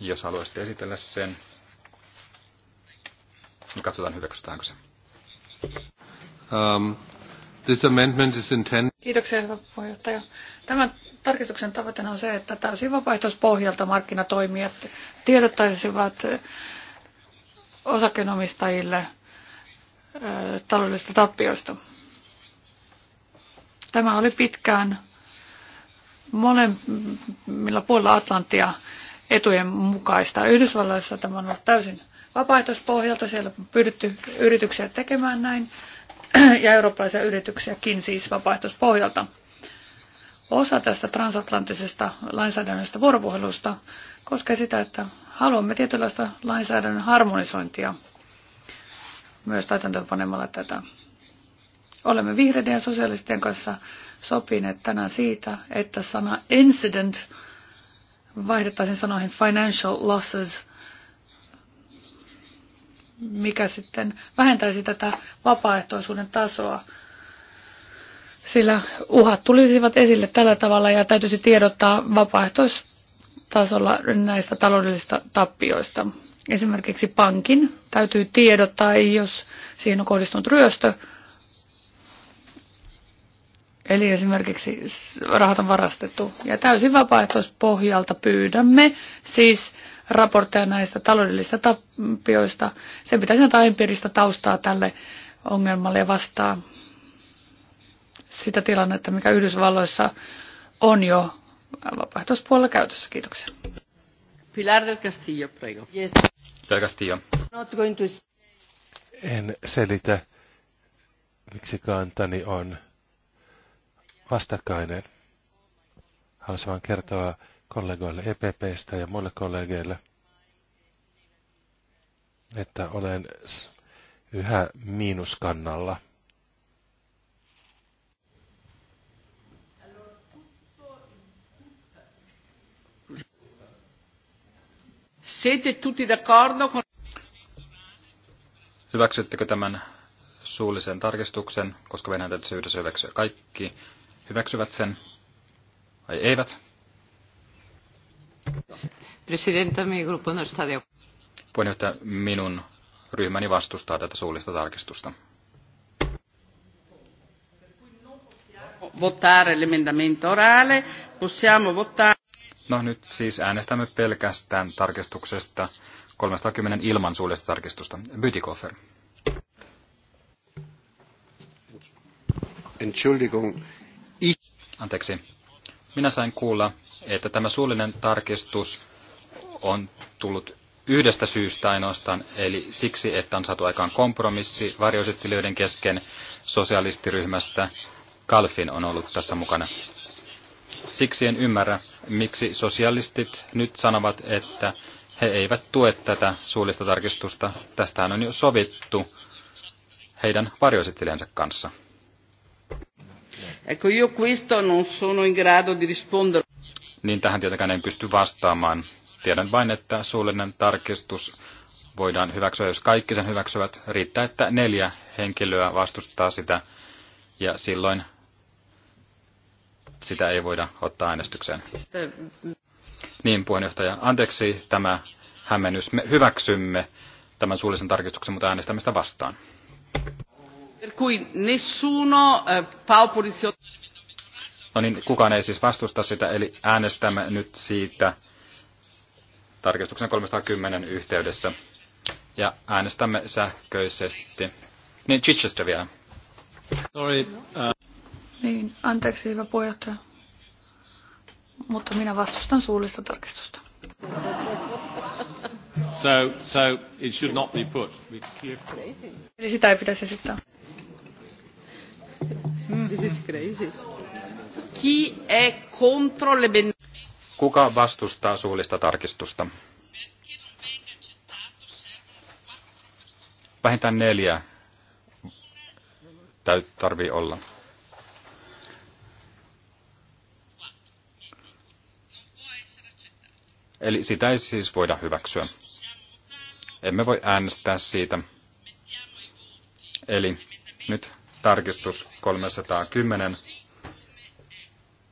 Jos haluaisitte esitellä sen katsotaan hyväksytäänkö se. Um, this amendment is intended... Kiitoksia, hyvä puheenjohtaja. Tämän tarkistuksen tavoitteena on se, että täysin vapaaehtoispohjalta markkinatoimijat tiedottaisivat osakkeenomistajille taloudellisista tappioista. Tämä oli pitkään molemmilla puolilla Atlantia etujen mukaista. Yhdysvalloissa tämä on ollut täysin vapaaehtoispohjalta. Siellä on pyydetty yrityksiä tekemään näin (clears throat) ja eurooppalaisia yrityksiäkin siis vapaaehtoispohjalta. Osa tästä transatlanttisesta lainsäädännöstä vuoropuhelusta koskee sitä, että haluamme tietynlaista lainsäädännön harmonisointia myös täytäntöönpanemalla tätä. Olemme vihreiden ja sosiaalisten kanssa sopineet tänään siitä, että sana incident vaihdettaisiin sanoihin financial losses mikä sitten vähentäisi tätä vapaaehtoisuuden tasoa. Sillä uhat tulisivat esille tällä tavalla ja täytyisi tiedottaa vapaaehtoistasolla näistä taloudellisista tappioista. Esimerkiksi pankin täytyy tiedottaa, jos siihen on kohdistunut ryöstö. Eli esimerkiksi rahat on varastettu. Ja täysin vapaaehtoispohjalta pyydämme siis raportteja näistä taloudellisista tappioista. Se pitäisi antaa empiiristä taustaa tälle ongelmalle ja vastaa sitä tilannetta, mikä Yhdysvalloissa on jo vapaaehtoispuolella käytössä. Kiitoksia. Pilar del Castillo, prego. Yes. Pilar Castillo. Not going to... En selitä, miksi kantani on vastakkainen. Haluaisin vain kertoa kollegoille EPPstä ja muille kollegeille, että olen yhä miinuskannalla. Siete tutti d'accordo con... Hyväksyttekö tämän suullisen tarkistuksen, koska Venäjän täytyy yhdessä hyväksyä kaikki? Hyväksyvät sen vai eivät? No Puheenjohtaja, minun ryhmäni vastustaa tätä suullista tarkistusta. No nyt siis äänestämme pelkästään tarkistuksesta 310 ilman suullista tarkistusta. Bytikofer. Entschuldigung. Anteeksi. Minä sain kuulla, että tämä suullinen tarkistus on tullut yhdestä syystä ainoastaan, eli siksi, että on saatu aikaan kompromissi varjoesittelijöiden kesken sosialistiryhmästä. Kalfin on ollut tässä mukana. Siksi en ymmärrä, miksi sosialistit nyt sanovat, että he eivät tue tätä suullista tarkistusta. Tästähän on jo sovittu heidän varjoesittelijänsä kanssa. Ecco, io questo non sono in grado di rispondere niin tähän tietenkään en pysty vastaamaan. Tiedän vain, että suullinen tarkistus voidaan hyväksyä, jos kaikki sen hyväksyvät. Riittää, että neljä henkilöä vastustaa sitä, ja silloin sitä ei voida ottaa äänestykseen. Niin, puheenjohtaja, anteeksi tämä hämmennys. Me hyväksymme tämän suullisen tarkistuksen, mutta äänestämistä vastaan. Per cui nessuno, eh, No niin, kukaan ei siis vastusta sitä, eli äänestämme nyt siitä tarkistuksen 310 yhteydessä. Ja äänestämme sähköisesti. Niin, Chichester vielä. Sorry. Uh... Niin, anteeksi hyvä puheenjohtaja. Mutta minä vastustan suullista tarkistusta. So, so it should not be put. Eli sitä ei pitäisi esittää. Mm. This is crazy. Chi è contro le ben... Kuka vastustaa suullista tarkistusta? Vähintään neljä tarvii olla. Eli sitä ei siis voida hyväksyä. Emme voi äänestää siitä. Eli nyt tarkistus 310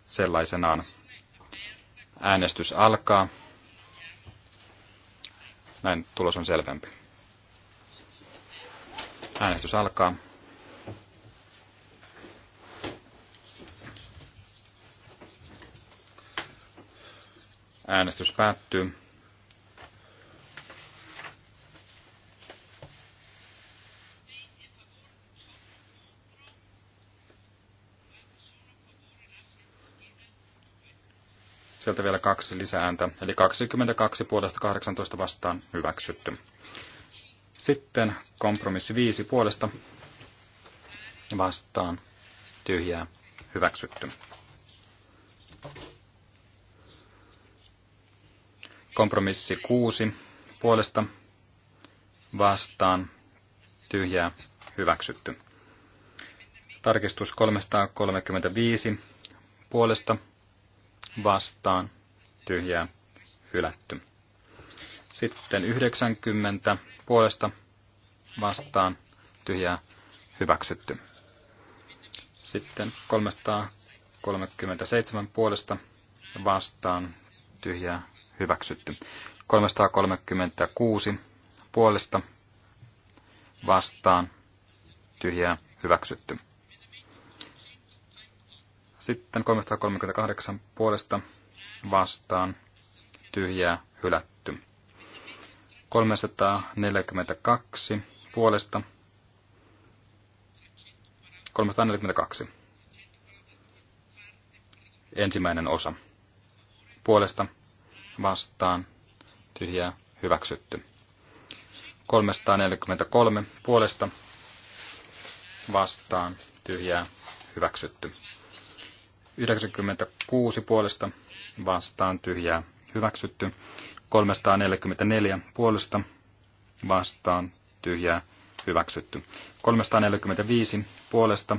sellaisenaan. Äänestys alkaa. Näin tulos on selvempi. Äänestys alkaa. Äänestys päättyy. Sieltä vielä kaksi lisääntä, eli 22 puolesta 18 vastaan hyväksytty. Sitten kompromissi 5 puolesta vastaan tyhjää hyväksytty. Kompromissi 6 puolesta vastaan tyhjää hyväksytty. Tarkistus 335 puolesta vastaan tyhjää hylätty. Sitten 90 puolesta vastaan tyhjää hyväksytty. Sitten 337 puolesta vastaan tyhjää hyväksytty. 336 puolesta vastaan tyhjää hyväksytty. Sitten 338 puolesta vastaan tyhjää hylätty. 342 puolesta 342. Ensimmäinen osa. Puolesta vastaan tyhjää hyväksytty. 343 puolesta vastaan tyhjää hyväksytty. 96 puolesta vastaan tyhjää hyväksytty. 344 puolesta vastaan tyhjää hyväksytty. 345 puolesta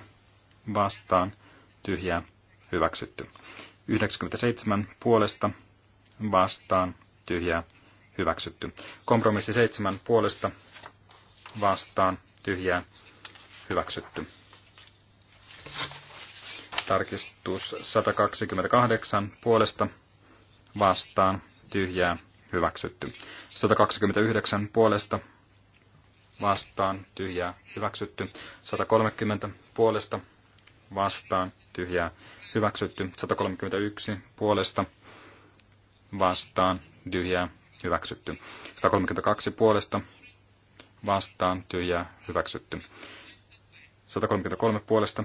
vastaan tyhjää hyväksytty. 97 puolesta vastaan tyhjää hyväksytty. Kompromissi 7 puolesta vastaan tyhjää hyväksytty. Tarkistus 128 puolesta vastaan tyhjää hyväksytty. 129 puolesta vastaan tyhjää hyväksytty. 130 puolesta vastaan tyhjää hyväksytty. 131 puolesta vastaan tyhjää hyväksytty. 132 puolesta vastaan tyhjää hyväksytty. 133 puolesta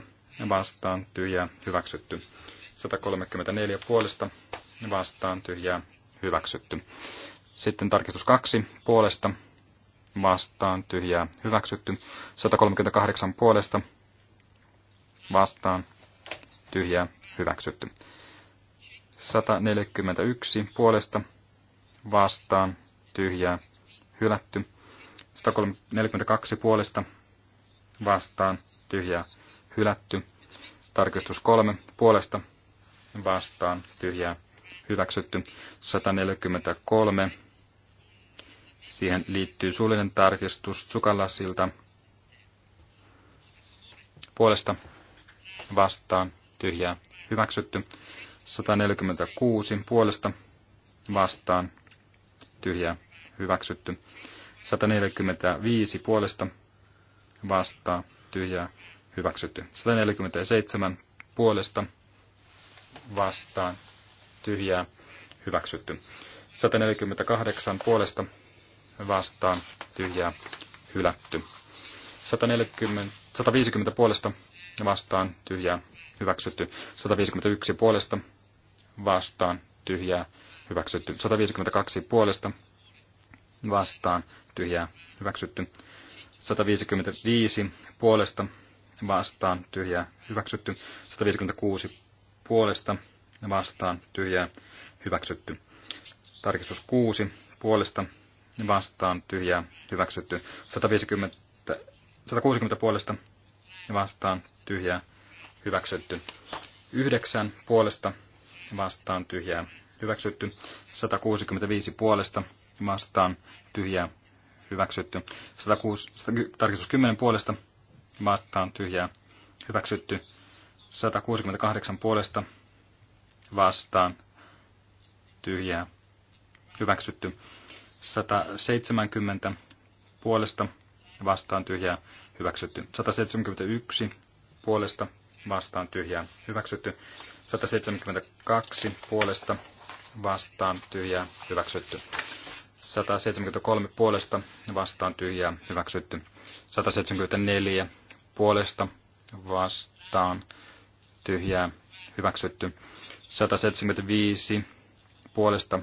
vastaan tyhjää hyväksytty. 134 puolesta vastaan tyhjää hyväksytty. Sitten tarkistus 2 puolesta vastaan tyhjää hyväksytty. 138 puolesta vastaan tyhjää hyväksytty. 141 puolesta vastaan tyhjää hylätty. 142 puolesta vastaan tyhjää hylätty. Tarkistus kolme puolesta vastaan tyhjää hyväksytty. 143. Siihen liittyy suullinen tarkistus Tsukalassilta puolesta vastaan tyhjää hyväksytty. 146 puolesta vastaan tyhjää hyväksytty. 145 puolesta vastaan tyhjää hyväksytty. 147 puolesta vastaan tyhjää hyväksytty. 148 puolesta vastaan tyhjää hylätty. 140, 150 puolesta vastaan tyhjää hyväksytty. 151 puolesta vastaan tyhjää hyväksytty. 152 puolesta vastaan tyhjää hyväksytty. 155 puolesta vastaan tyhjää hyväksytty. 156 puolesta vastaan tyhjää hyväksytty. Tarkistus 6 puolesta vastaan tyhjää hyväksytty. 150, 160 puolesta vastaan tyhjää hyväksytty. 9 puolesta vastaan tyhjää hyväksytty. 165 puolesta vastaan tyhjää hyväksytty. 106, tarkistus 10 puolesta on tyhjää hyväksytty. 168 puolesta vastaan tyhjää hyväksytty. 170 puolesta vastaan tyhjää hyväksytty. 171 puolesta vastaan tyhjää hyväksytty. 172 puolesta vastaan tyhjää hyväksytty. 173 puolesta vastaan tyhjää hyväksytty. 174 puolesta vastaan tyhjää hyväksytty. 175 puolesta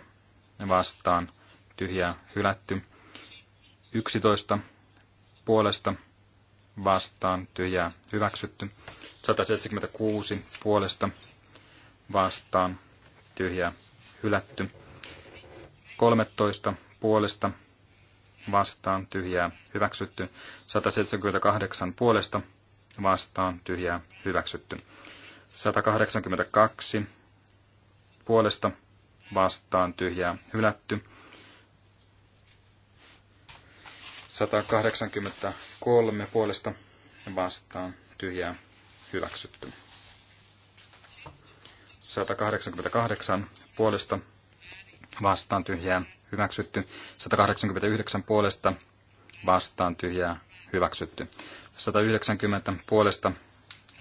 vastaan tyhjää hylätty. 11 puolesta vastaan tyhjää hyväksytty. 176 puolesta vastaan tyhjää hylätty. 13 puolesta vastaan, vastaan tyhjää hyväksytty. 178 puolesta vastaan tyhjää hyväksytty. 182 puolesta vastaan tyhjää hylätty. 183 puolesta vastaan tyhjää hyväksytty. 188 puolesta vastaan tyhjää hyväksytty. 189 puolesta vastaan tyhjää hyväksytty. 190 puolesta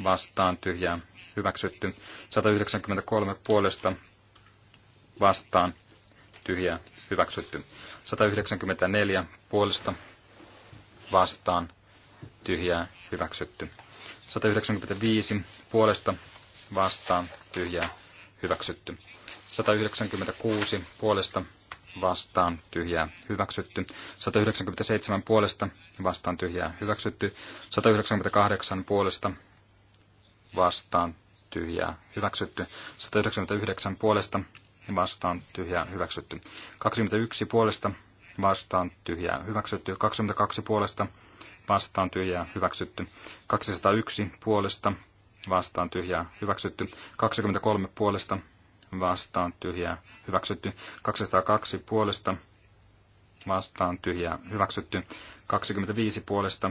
vastaan tyhjää hyväksytty. 193 puolesta vastaan tyhjää hyväksytty. 194 puolesta vastaan tyhjää hyväksytty. 195 puolesta vastaan tyhjää hyväksytty. 196 puolesta vastaan tyhjää hyväksytty. 197 puolesta vastaan tyhjää hyväksytty. 198 puolesta vastaan tyhjää hyväksytty. 199 puolesta vastaan tyhjää hyväksytty. 21 puolesta vastaan tyhjää hyväksytty. 22 puolesta vastaan tyhjää hyväksytty. 201 puolesta vastaan tyhjää hyväksytty. 23 puolesta vastaan tyhjää hyväksytty. 202 puolesta vastaan tyhjää hyväksytty. 25 puolesta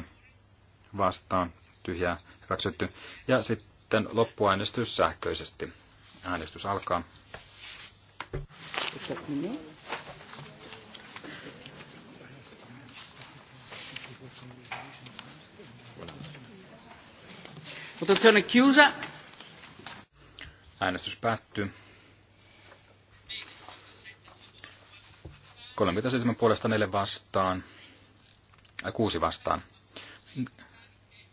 vastaan tyhjää hyväksytty. Ja sitten loppuäänestys sähköisesti. Äänestys alkaa. Votazione chiusa. Äänestys päättyy. 37 puolesta 4 vastaan, äh, 6 vastaan.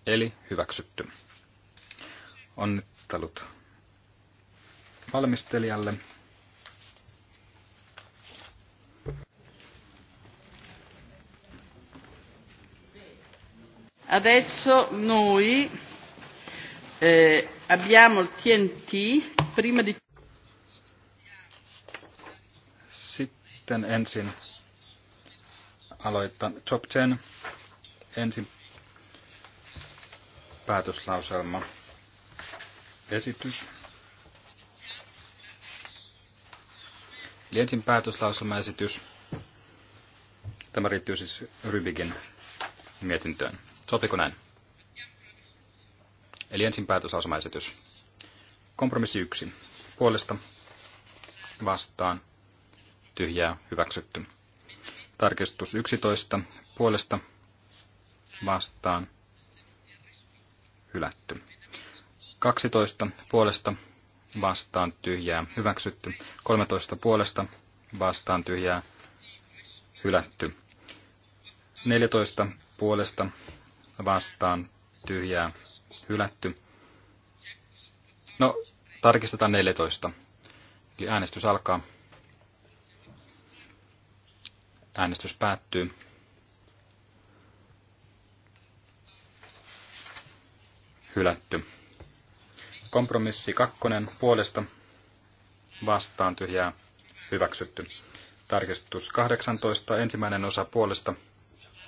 Eli hyväksytty. Onnittelut valmistelijalle. Adesso noi eh, abbiamo il TNT, prima di... Sitten ensin aloitan top 10. Ensin päätöslauselma esitys. Eli ensin esitys Tämä riittyy siis Rybikin mietintöön. Sopiko näin? Eli ensin esitys. Kompromissi yksi. Puolesta vastaan tyhjää hyväksytty. Tarkistus 11 puolesta vastaan hylätty. 12 puolesta vastaan tyhjää hyväksytty. 13 puolesta vastaan tyhjää hylätty. 14 puolesta vastaan tyhjää hylätty. No, tarkistetaan 14. Eli äänestys alkaa. Äänestys päättyy. Hylätty. Kompromissi kakkonen puolesta vastaan tyhjää hyväksytty. Tarkistus 18. Ensimmäinen osa puolesta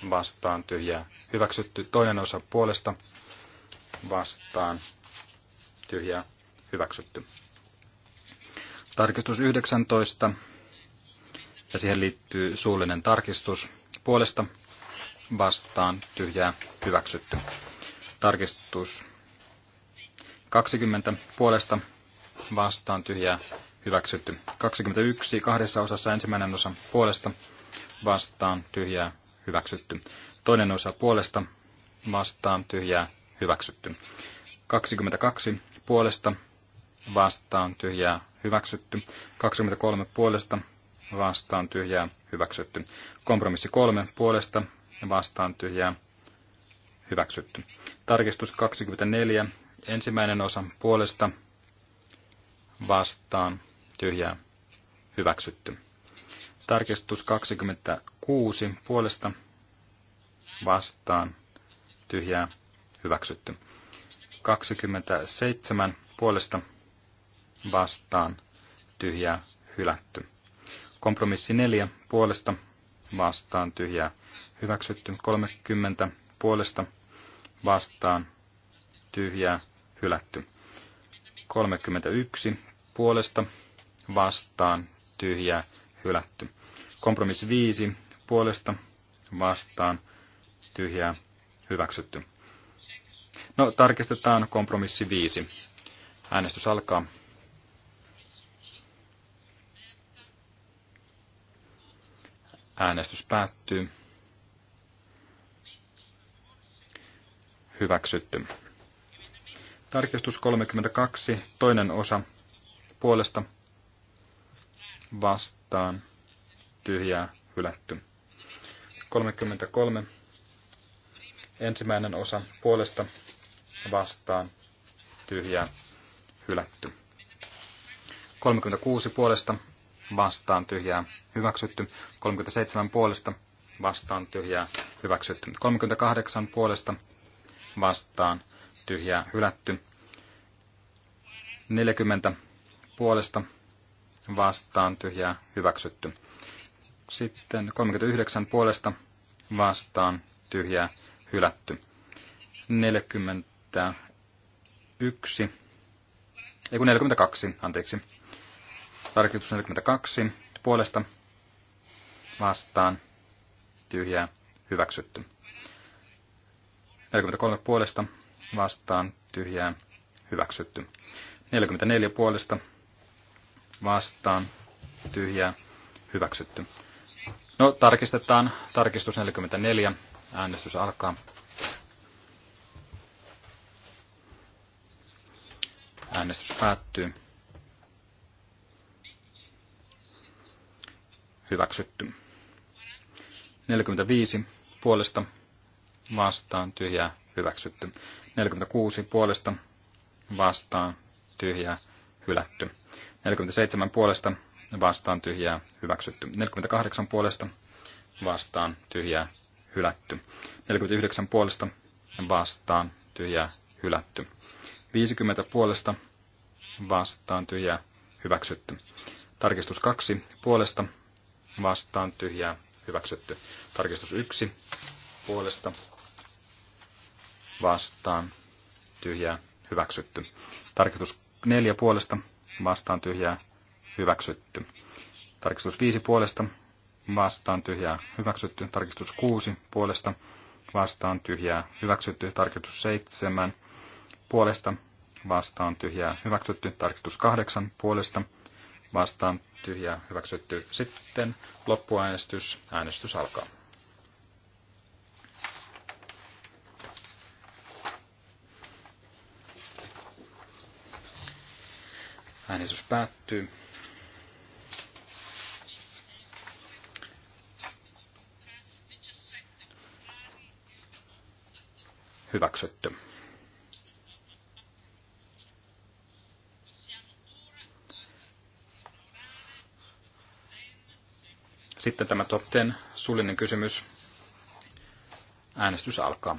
vastaan tyhjää hyväksytty. Toinen osa puolesta vastaan tyhjää hyväksytty. Tarkistus 19 ja siihen liittyy suullinen tarkistus puolesta vastaan tyhjää hyväksytty. Tarkistus 20 puolesta vastaan tyhjää hyväksytty. 21 kahdessa osassa ensimmäinen osa puolesta vastaan tyhjää hyväksytty. Toinen osa puolesta vastaan tyhjää hyväksytty. 22 puolesta vastaan tyhjää hyväksytty. 23 puolesta vastaan tyhjää hyväksytty. Kompromissi kolme puolesta vastaan tyhjää hyväksytty. Tarkistus 24, ensimmäinen osa puolesta vastaan tyhjää hyväksytty. Tarkistus 26 puolesta vastaan tyhjää hyväksytty. 27 puolesta vastaan tyhjää hylätty. Kompromissi neljä puolesta vastaan tyhjää hyväksytty. 30 puolesta vastaan tyhjää hylätty. 31 puolesta vastaan tyhjää hylätty. Kompromissi 5 puolesta vastaan tyhjää hyväksytty. No, tarkistetaan kompromissi 5. Äänestys alkaa. Äänestys päättyy. Hyväksytty. Tarkistus 32, toinen osa, puolesta, vastaan, tyhjää, hylätty. 33, ensimmäinen osa, puolesta, vastaan, tyhjää, hylätty. 36 puolesta, vastaan tyhjää hyväksytty, 37 puolesta vastaan tyhjää hyväksytty, 38 puolesta vastaan tyhjää hylätty, 40 puolesta vastaan tyhjää hyväksytty. Sitten 39 puolesta vastaan tyhjää hylätty. 41, ei kun 42, anteeksi, Tarkistus 42 puolesta vastaan tyhjää hyväksytty. 43 puolesta vastaan tyhjää hyväksytty. 44 puolesta vastaan tyhjää hyväksytty. No tarkistetaan. Tarkistus 44. Äänestys alkaa. Äänestys päättyy. hyväksytty. 45 puolesta vastaan tyhjää hyväksytty. 46 puolesta vastaan tyhjää hylätty. 47 puolesta vastaan tyhjää hyväksytty. 48 puolesta vastaan tyhjää hylätty. 49 puolesta vastaan tyhjää hylätty. 50 puolesta vastaan tyhjää hyväksytty. Tarkistus 2 puolesta vastaan tyhjää hyväksytty. Tarkistus 1 puolesta vastaan tyhjää hyväksytty. Tarkistus 4 puolesta vastaan tyhjää hyväksytty. Tarkistus 5 puolesta vastaan tyhjää hyväksytty. Tarkistus 6 puolesta vastaan tyhjää hyväksytty. Tarkistus 7 puolesta vastaan tyhjää hyväksytty. Tarkistus 8 puolesta vastaan tyhjä hyväksytty. Sitten loppuäänestys. Äänestys alkaa. Äänestys päättyy. Hyväksytty. Sitten tämä top 10, suullinen kysymys. Äänestys alkaa.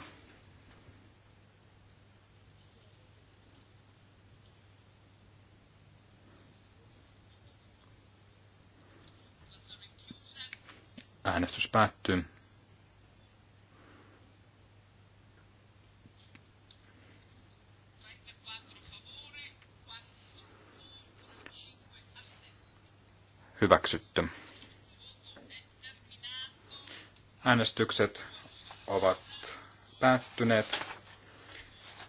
Äänestys päättyy. äänestykset ovat päättyneet.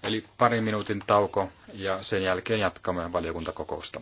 Eli parin minuutin tauko ja sen jälkeen jatkamme valiokuntakokousta.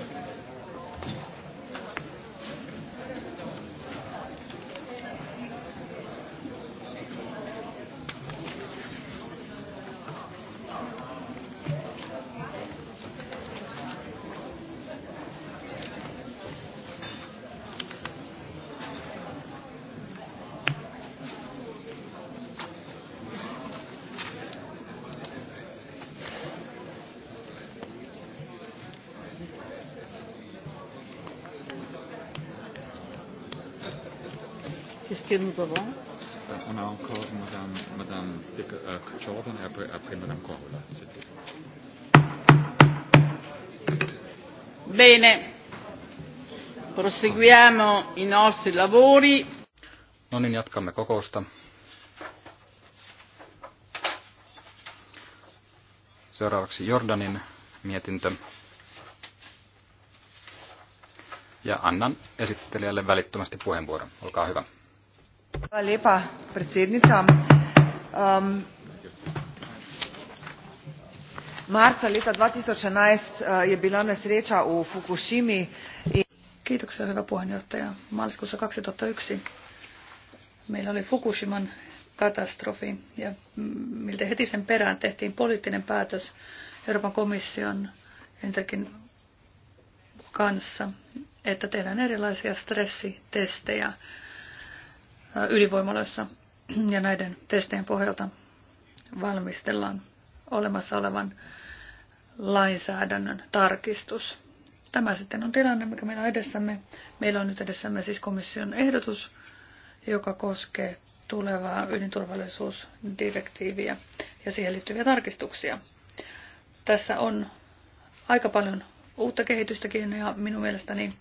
que nous avons euh, On a encore Madame, Madame euh, Jordan et après, après Madame Corolla. Bene, proseguiamo i nostri lavori. No niin, jatkamme kokousta. Seuraavaksi Jordanin mietintö. Ja annan esittelijälle välittömästi puheenvuoron. Olkaa hyvä. Hvala lepa, predsednica. Um, marca leta 2011 uh, je bila nesreča u Fukushimi. Kiitoksia, hyvä puheenjohtaja. Maaliskuussa 2001 meillä oli Fukushiman katastrofi ja miltä heti sen perään tehtiin poliittinen päätös Euroopan komission ensinnäkin kanssa, että tehdään erilaisia stressitestejä Äh, ydinvoimaloissa ja näiden testien pohjalta valmistellaan olemassa olevan lainsäädännön tarkistus. Tämä sitten on tilanne, mikä meillä on edessämme. Meillä on nyt edessämme siis komission ehdotus, joka koskee tulevaa ydinturvallisuusdirektiiviä ja siihen liittyviä tarkistuksia. Tässä on aika paljon uutta kehitystäkin ja minun mielestäni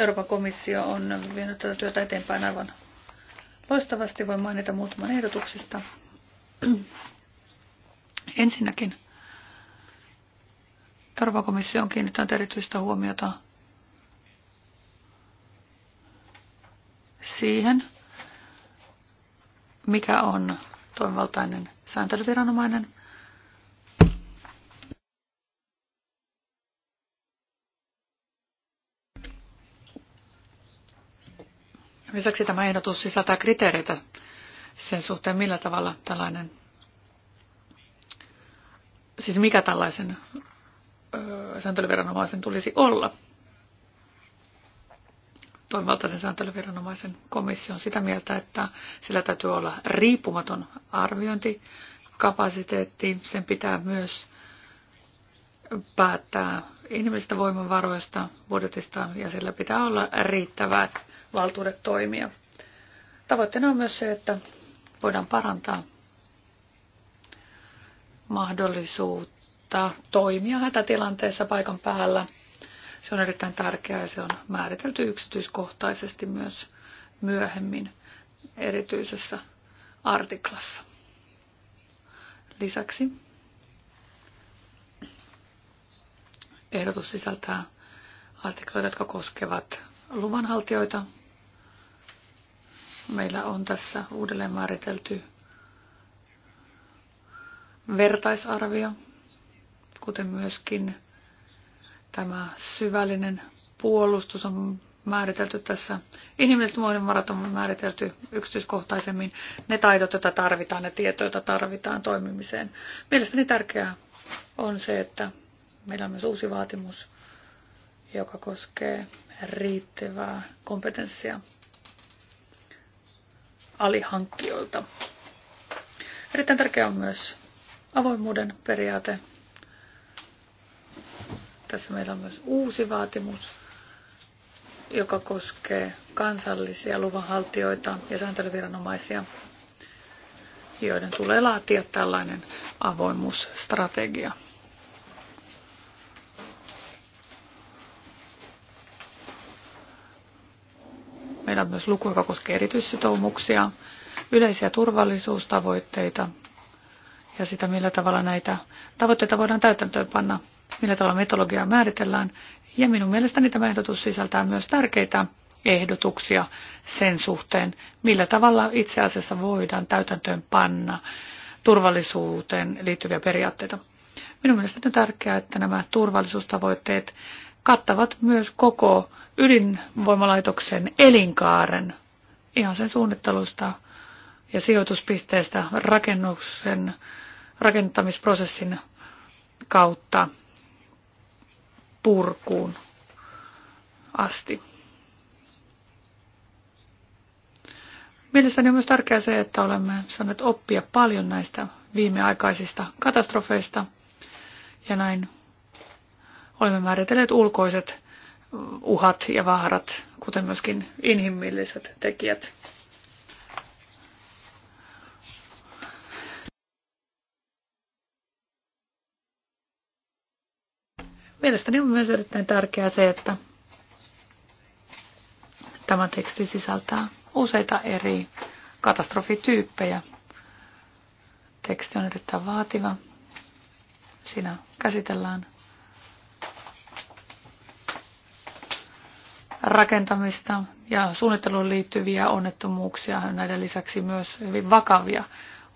Euroopan komissio on vienyt tätä työtä eteenpäin aivan loistavasti. Voin mainita muutaman ehdotuksista. (clears throat) Ensinnäkin Euroopan komissio on kiinnittänyt erityistä huomiota siihen, mikä on toimivaltainen sääntelyviranomainen. Lisäksi tämä ehdotus sisältää kriteereitä sen suhteen, millä tavalla tällainen, siis mikä tällaisen öö, sääntelyviranomaisen tulisi olla. Toimivaltaisen sääntelyviranomaisen komissio on sitä mieltä, että sillä täytyy olla riippumaton arviointikapasiteetti. Sen pitää myös päättää inhimillisistä voimavaroista, budjetista ja sillä pitää olla riittävät valtuudet toimia. Tavoitteena on myös se, että voidaan parantaa mahdollisuutta toimia hätätilanteessa paikan päällä. Se on erittäin tärkeää ja se on määritelty yksityiskohtaisesti myös myöhemmin erityisessä artiklassa. Lisäksi ehdotus sisältää artikloita, jotka koskevat luvanhaltijoita, Meillä on tässä uudelleen määritelty vertaisarvio, kuten myöskin tämä syvällinen puolustus on määritelty tässä. Inhimilliset voimavarat on määritelty yksityiskohtaisemmin. Ne taidot, joita tarvitaan, ne tieto, joita tarvitaan toimimiseen. Mielestäni tärkeää on se, että meillä on myös uusi vaatimus, joka koskee riittävää kompetenssia alihankkijoilta. Erittäin tärkeä on myös avoimuuden periaate. Tässä meillä on myös uusi vaatimus, joka koskee kansallisia luvanhaltijoita ja sääntelyviranomaisia, joiden tulee laatia tällainen avoimuusstrategia. myös luku, joka koskee erityissitoumuksia, yleisiä turvallisuustavoitteita ja sitä, millä tavalla näitä tavoitteita voidaan täytäntöönpanna, millä tavalla metodologiaa määritellään. Ja minun mielestäni tämä ehdotus sisältää myös tärkeitä ehdotuksia sen suhteen, millä tavalla itse asiassa voidaan täytäntöönpanna turvallisuuteen liittyviä periaatteita. Minun mielestäni on tärkeää, että nämä turvallisuustavoitteet kattavat myös koko ydinvoimalaitoksen elinkaaren, ihan sen suunnittelusta ja sijoituspisteestä rakennuksen, rakentamisprosessin kautta purkuun asti. Mielestäni on myös tärkeää se, että olemme saaneet oppia paljon näistä viimeaikaisista katastrofeista ja näin Olemme määritelleet ulkoiset uhat ja vaarat, kuten myöskin inhimilliset tekijät. Mielestäni on myös erittäin tärkeää se, että tämä teksti sisältää useita eri katastrofityyppejä. Teksti on erittäin vaativa. Siinä käsitellään rakentamista ja suunnitteluun liittyviä onnettomuuksia, näiden lisäksi myös hyvin vakavia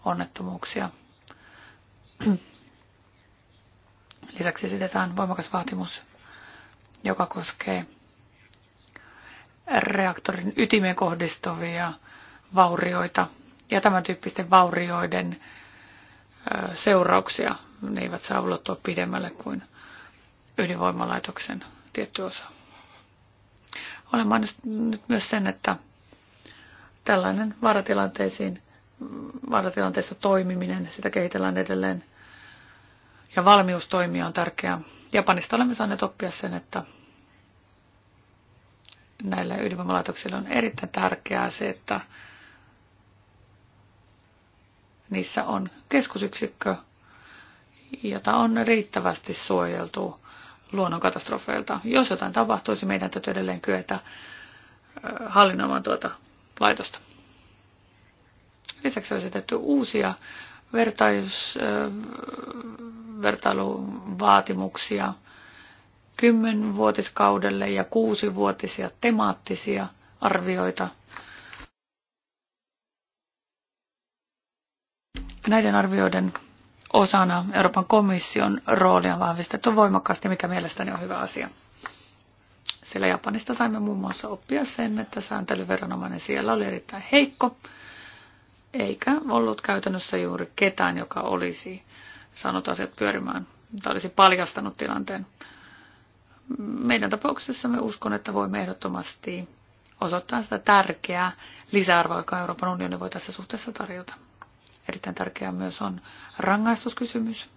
onnettomuuksia. Lisäksi esitetään voimakas vaatimus, joka koskee reaktorin ytimeen kohdistuvia vaurioita ja tämän tyyppisten vaurioiden seurauksia. Ne eivät saa ulottua pidemmälle kuin ydinvoimalaitoksen tietty osa. Olen maininnut myös sen, että tällainen vaaratilanteisiin, vaaratilanteessa toimiminen, sitä kehitellään edelleen. Ja valmius toimia on tärkeää. Japanista olemme saaneet oppia sen, että näille ydinvoimalaitoksille on erittäin tärkeää se, että niissä on keskusyksikkö, jota on riittävästi suojeltu luonnonkatastrofeilta. Jos jotain tapahtuisi, meidän täytyy edelleen kyetä hallinnoimaan tuota laitosta. Lisäksi on esitetty uusia vertailus, vertailuvaatimuksia kymmenvuotiskaudelle ja kuusivuotisia temaattisia arvioita. Näiden arvioiden osana Euroopan komission roolia on vahvistettu voimakkaasti, mikä mielestäni on hyvä asia. Sillä Japanista saimme muun muassa oppia sen, että sääntelyveronomainen siellä oli erittäin heikko, eikä ollut käytännössä juuri ketään, joka olisi saanut asiat pyörimään tai olisi paljastanut tilanteen. Meidän tapauksessamme uskon, että voimme ehdottomasti osoittaa sitä tärkeää lisäarvoa, joka Euroopan unioni voi tässä suhteessa tarjota. Erittäin tärkeää myös on rangaistuskysymys.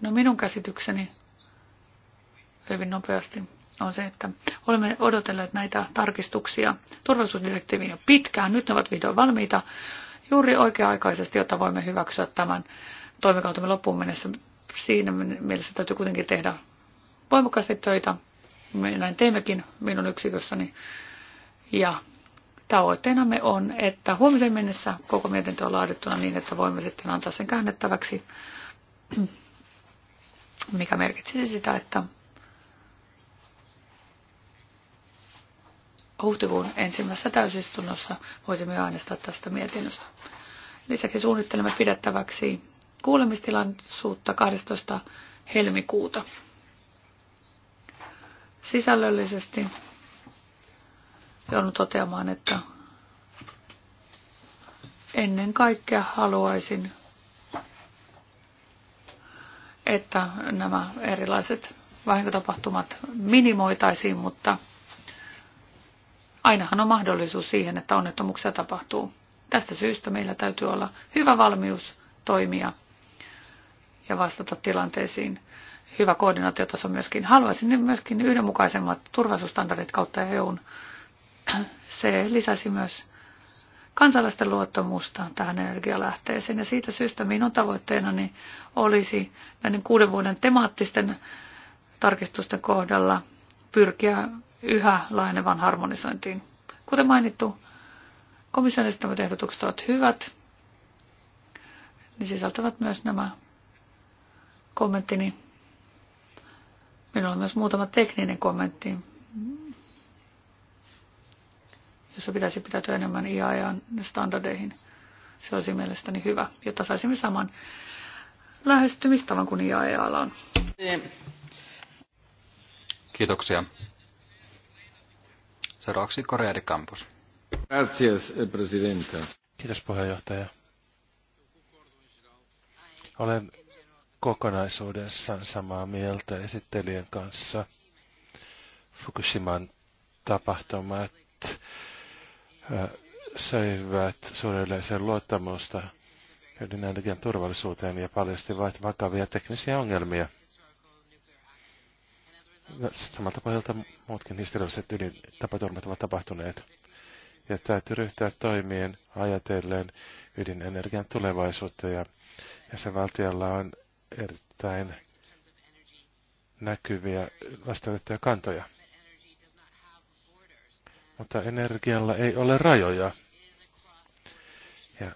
No minun käsitykseni hyvin nopeasti on se, että olemme odotelleet näitä tarkistuksia turvallisuusdirektiiviin jo pitkään. Nyt ne ovat vihdoin valmiita juuri oikea-aikaisesti, jotta voimme hyväksyä tämän toimikautemme loppuun mennessä. Siinä mielessä täytyy kuitenkin tehdä voimakkaasti töitä. Me näin teemmekin minun yksikössäni. Ja Tavoitteenamme on, että huomisen mennessä koko mietintö on laadittuna niin, että voimme sitten antaa sen käännettäväksi, mikä merkitsisi sitä, että huhtikuun ensimmäisessä täysistunnossa voisimme äänestää tästä mietinnöstä. Lisäksi suunnittelemme pidettäväksi kuulemistilaisuutta 12. helmikuuta. Sisällöllisesti joudun toteamaan, että ennen kaikkea haluaisin, että nämä erilaiset vahinkotapahtumat minimoitaisiin, mutta ainahan on mahdollisuus siihen, että onnettomuuksia tapahtuu. Tästä syystä meillä täytyy olla hyvä valmius toimia ja vastata tilanteisiin. Hyvä koordinaatiotaso myöskin. Haluaisin myöskin yhdenmukaisemmat turvallisuusstandardit kautta EUn se lisäsi myös kansalaisten luottamusta tähän energialähteeseen. Ja siitä syystä minun tavoitteenani olisi näiden kuuden vuoden temaattisten tarkistusten kohdalla pyrkiä yhä laajenevan harmonisointiin. Kuten mainittu, komission esittämät ehdotukset ovat hyvät. niin sisältävät myös nämä kommenttini. Minulla on myös muutama tekninen kommentti jossa pitäisi pitäytyä enemmän IAEAn standardeihin. Se olisi mielestäni hyvä, jotta saisimme saman lähestymistavan kuin IAEAlla on. Kiitoksia. Seuraavaksi Korea de Campus. Gracias, eh, presidente. Kiitos puheenjohtaja. Olen kokonaisuudessaan samaa mieltä esittelijän kanssa. Fukushiman tapahtumat söivät suuren yleisön luottamusta ydinenergian turvallisuuteen ja paljastivat vakavia teknisiä ongelmia. Samalta pohjalta muutkin historialliset ydintapaturmat ovat tapahtuneet. Ja täytyy ryhtyä toimien ajatellen ydinenergian tulevaisuutta ja jäsenvaltiolla on erittäin näkyviä vastaanotettuja kantoja. Mutta energialla ei ole rajoja. Ja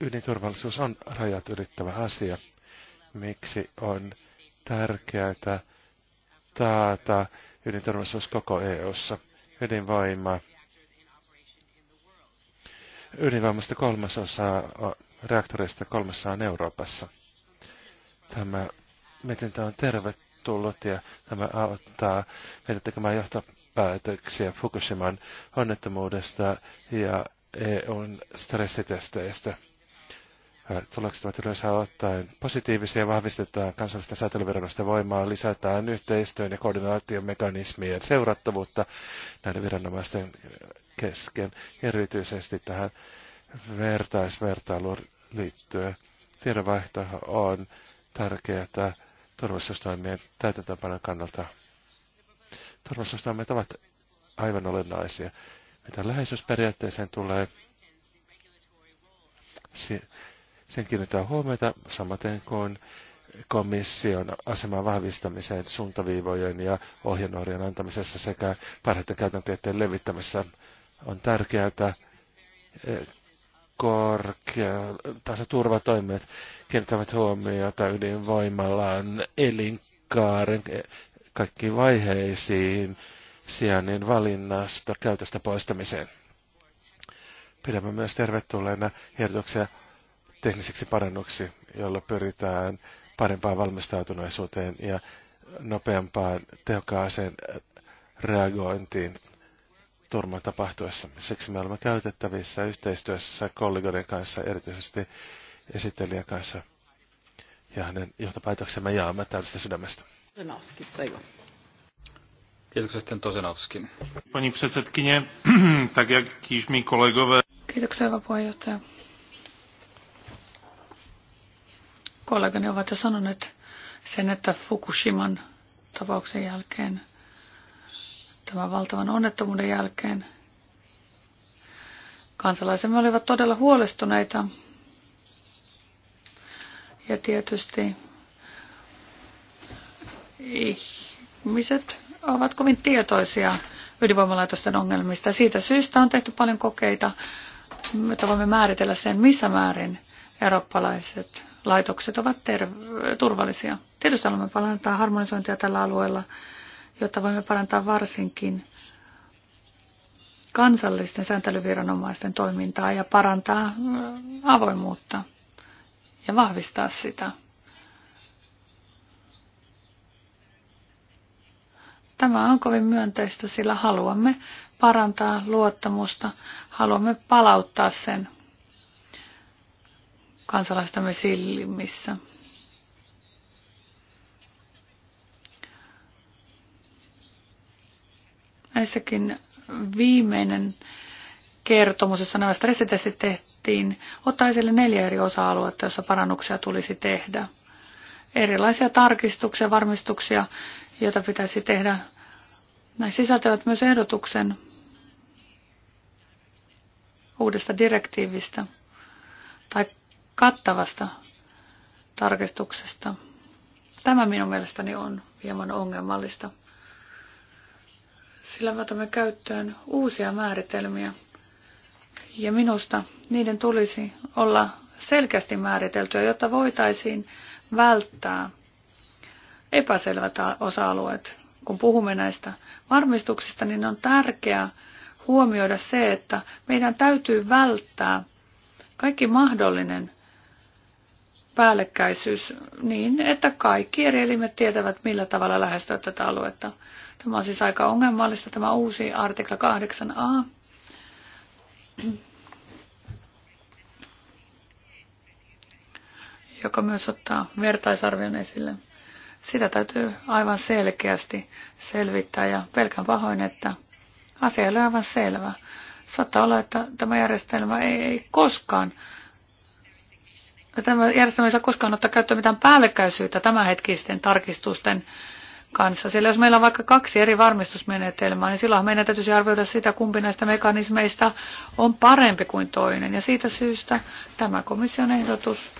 ydinturvallisuus on rajat ylittävä asia. Miksi on tärkeää taata ydinturvallisuus koko EU-ssa? Ydinvoima. Ydinvoimasta kolmasosa reaktoreista kolmessa on Euroopassa. Tämä mietintä on tervetullut ja tämä auttaa meitä tekemään johtopäätöksiä päätöksiä Fukushiman onnettomuudesta ja EUn stressitesteistä. Tulokset ovat yleensä ottaen positiivisia, vahvistetaan kansallista säätelyviranomaisten voimaa, lisätään yhteistyön ja koordinaation mekanismien seurattavuutta näiden viranomaisten kesken, erityisesti tähän vertaisvertailuun liittyen. Tiedonvaihto on tärkeää turvallisuustoimien täytäntöönpanon kannalta turvallisuusnormit ovat aivan olennaisia. Mitä läheisyysperiaatteeseen tulee, sen kiinnittää huomiota samaten kuin komission aseman vahvistamiseen suuntaviivojen ja ohjenuorien antamisessa sekä parhaiten käytäntöjen levittämisessä on tärkeää, että eh, korkea taso turvatoimet kiinnittävät huomiota ydinvoimalan elinkaaren kaikkiin vaiheisiin sijainnin valinnasta käytöstä poistamiseen. Pidämme myös tervetulleena ehdotuksia tekniseksi parannuksi, jolla pyritään parempaan valmistautuneisuuteen ja nopeampaan tehokkaaseen reagointiin turman tapahtuessa. Siksi me olemme käytettävissä yhteistyössä kollegoiden kanssa, erityisesti esittelijän kanssa. Ja hänen johtopäätöksemme jaamme täydestä sydämestä. Tosenovski, prego. Kiitoksia sitten Tosenovskin. Pani předsedkyně, (clears throat) tak jak již mi kolegové. Kiitoksia, hyvä puheenjohtaja. Kollegani ovat jo sanoneet sen, että Fukushiman tapauksen jälkeen, tämän valtavan onnettomuuden jälkeen, kansalaisemme olivat todella huolestuneita. Ja tietysti ihmiset ovat kovin tietoisia ydinvoimalaitosten ongelmista. Siitä syystä on tehty paljon kokeita, että voimme määritellä sen, missä määrin eurooppalaiset laitokset ovat turvallisia. Tietysti haluamme parantaa harmonisointia tällä alueella, jotta voimme parantaa varsinkin kansallisten sääntelyviranomaisten toimintaa ja parantaa avoimuutta ja vahvistaa sitä. Tämä on kovin myönteistä, sillä haluamme parantaa luottamusta, haluamme palauttaa sen kansalaistamme silmissä. Näissäkin viimeinen kertomus, jossa nämä stressitestit tehtiin, ottaa esille neljä eri osa-aluetta, joissa parannuksia tulisi tehdä. Erilaisia tarkistuksia, varmistuksia jota pitäisi tehdä. Nämä sisältävät myös ehdotuksen uudesta direktiivistä tai kattavasta tarkistuksesta. Tämä minun mielestäni on hieman ongelmallista, sillä me otamme käyttöön uusia määritelmiä ja minusta niiden tulisi olla selkeästi määriteltyä, jotta voitaisiin välttää – epäselvät osa-alueet. Kun puhumme näistä varmistuksista, niin on tärkeää huomioida se, että meidän täytyy välttää kaikki mahdollinen päällekkäisyys niin, että kaikki eri elimet tietävät, millä tavalla lähestyä tätä aluetta. Tämä on siis aika ongelmallista, tämä uusi artikla 8a. joka myös ottaa vertaisarvion esille. Sitä täytyy aivan selkeästi selvittää ja pelkän pahoin, että asia ei ole aivan selvä. Saattaa olla, että tämä järjestelmä ei, ei koskaan Tämä järjestelmä ei saa koskaan ottaa käyttöön mitään päällekkäisyyttä tämänhetkisten tarkistusten kanssa. Sillä jos meillä on vaikka kaksi eri varmistusmenetelmää, niin silloin meidän täytyisi arvioida sitä, kumpi näistä mekanismeista on parempi kuin toinen. Ja siitä syystä tämä komission ehdotus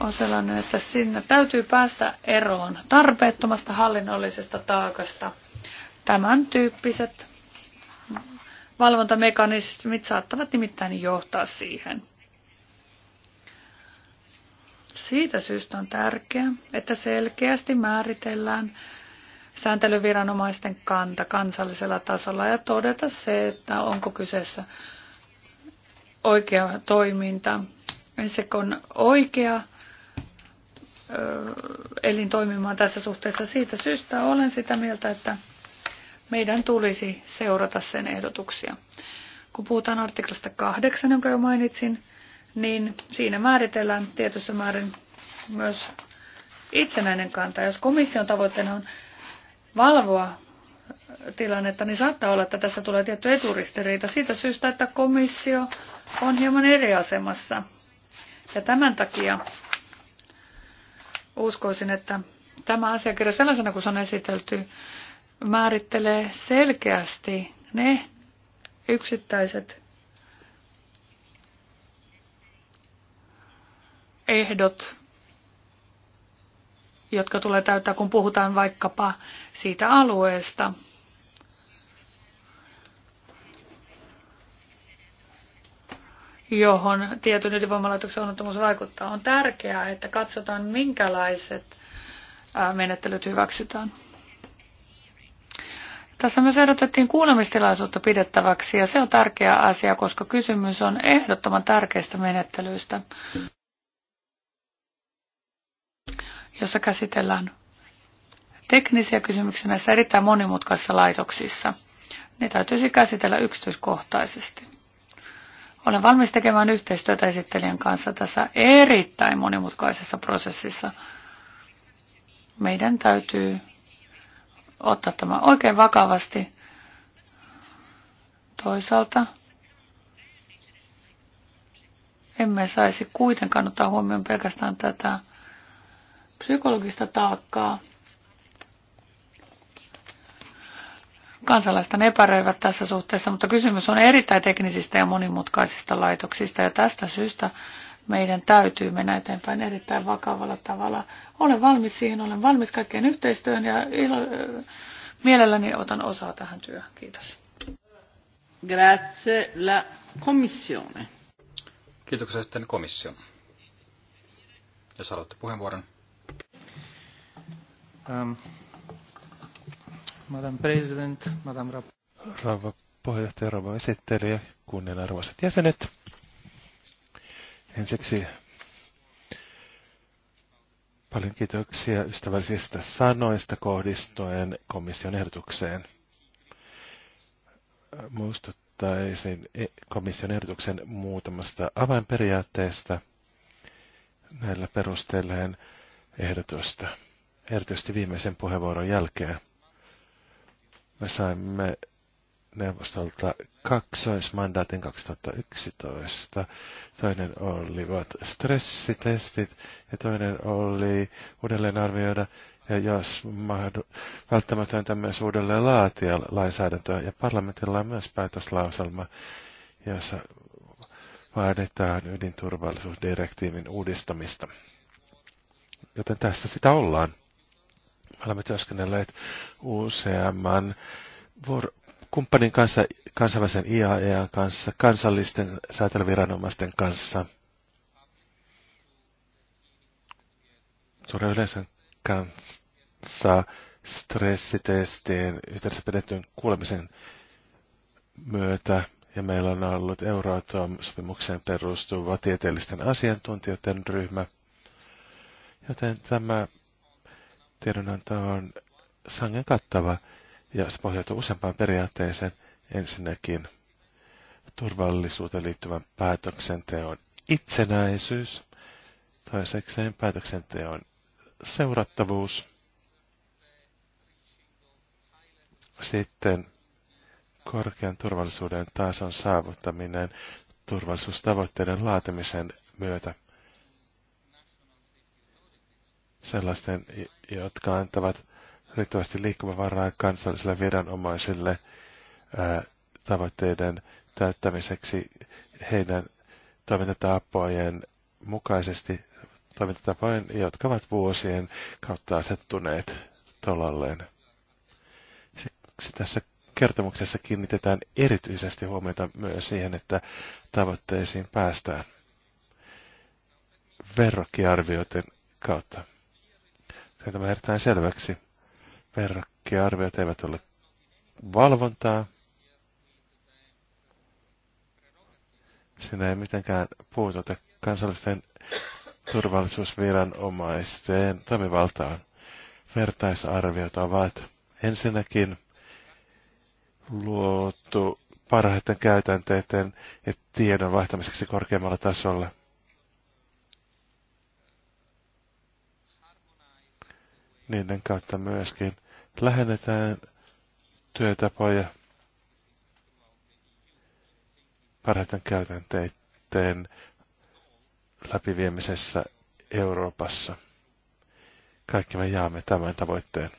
on sellainen, että sinne täytyy päästä eroon tarpeettomasta hallinnollisesta taakasta. Tämän tyyppiset valvontamekanismit saattavat nimittäin johtaa siihen. Siitä syystä on tärkeää, että selkeästi määritellään sääntelyviranomaisten kanta kansallisella tasolla ja todeta se, että onko kyseessä oikea toiminta niin se on oikea elin toimimaan tässä suhteessa. Siitä syystä olen sitä mieltä, että meidän tulisi seurata sen ehdotuksia. Kun puhutaan artiklasta 8, jonka jo mainitsin, niin siinä määritellään tietyssä määrin myös itsenäinen kanta. Jos komission tavoitteena on valvoa tilannetta, niin saattaa olla, että tässä tulee tietty eturistiriita siitä syystä, että komissio on hieman eri asemassa ja tämän takia uskoisin, että tämä asiakirja sellaisena kuin se on esitelty, määrittelee selkeästi ne yksittäiset ehdot, jotka tulee täyttää, kun puhutaan vaikkapa siitä alueesta, johon tietyn ydinvoimalaitoksen onnettomuus vaikuttaa. On tärkeää, että katsotaan, minkälaiset menettelyt hyväksytään. Tässä myös ehdotettiin kuulemistilaisuutta pidettäväksi ja se on tärkeä asia, koska kysymys on ehdottoman tärkeistä menettelyistä, jossa käsitellään teknisiä kysymyksiä näissä erittäin monimutkaisissa laitoksissa. Ne täytyisi käsitellä yksityiskohtaisesti. Olen valmis tekemään yhteistyötä esittelijän kanssa tässä erittäin monimutkaisessa prosessissa. Meidän täytyy ottaa tämä oikein vakavasti. Toisaalta emme saisi kuitenkaan ottaa huomioon pelkästään tätä psykologista taakkaa, kansalaisten epäröivät tässä suhteessa, mutta kysymys on erittäin teknisistä ja monimutkaisista laitoksista ja tästä syystä meidän täytyy mennä eteenpäin erittäin vakavalla tavalla. Olen valmis siihen, olen valmis kaikkeen yhteistyöhön ja ilo, mielelläni otan osaa tähän työhön. Kiitos. Grazie la commissione. Kiitoksia sitten komissio. Jos aloitte puheenvuoron. Um, Madam President, Madam Rapp- Rouva puheenjohtaja, rauva esittelijä, kunnianarvoiset jäsenet. Ensiksi paljon kiitoksia ystävällisistä sanoista kohdistuen komission ehdotukseen. Muistuttaisin e- komission ehdotuksen muutamasta avainperiaatteesta näillä perusteilleen ehdotusta, erityisesti viimeisen puheenvuoron jälkeen – me saimme neuvostolta kaksoismandaatin 2011. Toinen olivat stressitestit ja toinen oli uudelleen arvioida ja jos mahdu, välttämätöntä myös uudelleen laatia lainsäädäntöä. Ja parlamentilla on myös päätöslauselma, jossa vaaditaan ydinturvallisuusdirektiivin uudistamista. Joten tässä sitä ollaan olemme työskennelleet useamman vuor- kumppanin kanssa, kansainvälisen IAEA e kanssa, kansallisten säätelyviranomaisten kanssa, suuren yleisön kanssa stressitestien yhteydessä pidettyyn kuulemisen myötä. Ja meillä on ollut euroatom sopimukseen perustuva tieteellisten asiantuntijoiden ryhmä. Joten tämä tiedonanto on sangen kattava ja se pohjautuu useampaan periaatteeseen. Ensinnäkin turvallisuuteen liittyvän päätöksenteon itsenäisyys, toisekseen päätöksenteon seurattavuus, sitten korkean turvallisuuden tason saavuttaminen turvallisuustavoitteiden laatimisen myötä sellaisten jotka antavat riittävästi liikkumavaraa kansallisille viranomaisille ää, tavoitteiden täyttämiseksi heidän toimintatapojen mukaisesti toimintatapojen, jotka ovat vuosien kautta asettuneet tolalleen. Siksi tässä kertomuksessa kiinnitetään erityisesti huomiota myös siihen, että tavoitteisiin päästään verrokkiarvioiden kautta. Tein tämä erittäin selväksi. Verrokkiarviot eivät ole valvontaa. Siinä ei mitenkään puututa kansallisten turvallisuusviranomaisten toimivaltaan. Vertaisarviot ovat ensinnäkin luotu parhaiten käytänteiden ja tiedon vaihtamiseksi korkeammalla tasolla – Niiden kautta myöskin lähennetään työtapoja parhaiten käytänteiden läpiviemisessä Euroopassa. Kaikki me jaamme tämän tavoitteen.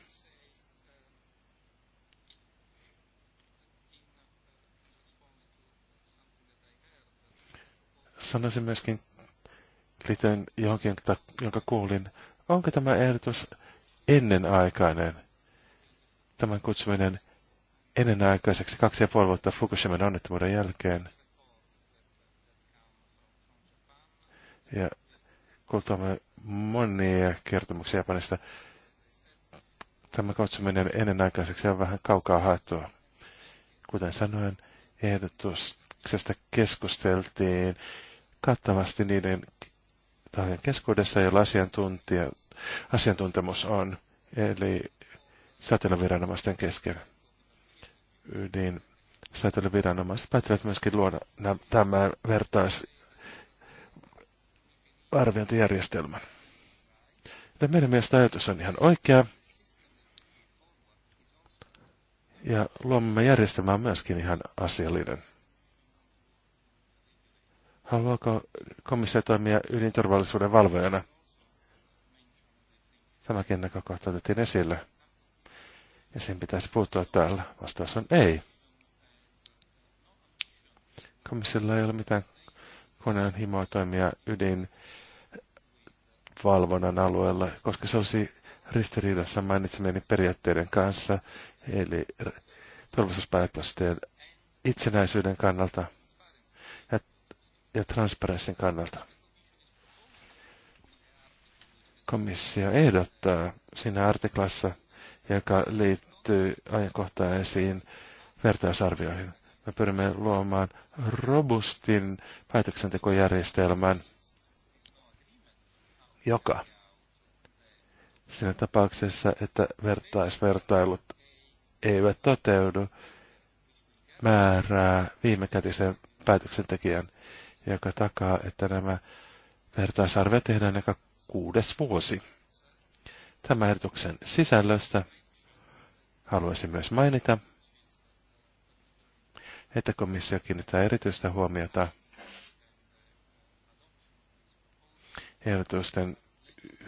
Sanoisin myöskin liittyen johonkin, jonka kuulin, onko tämä ehdotus ennenaikainen. Tämän kutsuminen ennenaikaiseksi kaksi ja puoli vuotta Fukushiman onnettomuuden jälkeen. Ja kuultamme monia kertomuksia Japanista. Tämä kutsuminen ennenaikaiseksi on vähän kaukaa haettua. Kuten sanoin, ehdotuksesta keskusteltiin kattavasti niiden tahojen keskuudessa, joilla asiantuntijat asiantuntemus on, eli säteilyviranomaisten kesken. Niin säteilyviranomaiset päättävät myöskin luoda tämän vertaisarviointijärjestelmän. Joten meidän mielestä ajatus on ihan oikea. Ja luomme järjestelmää myöskin ihan asiallinen. Haluaako komissio toimia ydinturvallisuuden valvojana? Tämäkin näkökohta otettiin esille. Ja sen pitäisi puuttua täällä. Vastaus on ei. Komissiolla ei ole mitään himoa toimia ydin valvonnan alueella, koska se olisi ristiriidassa mainitsemieni periaatteiden kanssa, eli turvallisuuspäätösten itsenäisyyden kannalta ja, ja transparenssin kannalta komissio ehdottaa siinä artiklassa, joka liittyy ajankohtaisiin vertaisarvioihin. Me pyrimme luomaan robustin päätöksentekojärjestelmän, joka siinä tapauksessa, että vertaisvertailut eivät toteudu, määrää viimekätisen päätöksentekijän, joka takaa, että nämä vertaisarvet tehdään joka kuudes vuosi. Tämän ehdotuksen sisällöstä haluaisin myös mainita, että komissio kiinnittää erityistä huomiota ehdotusten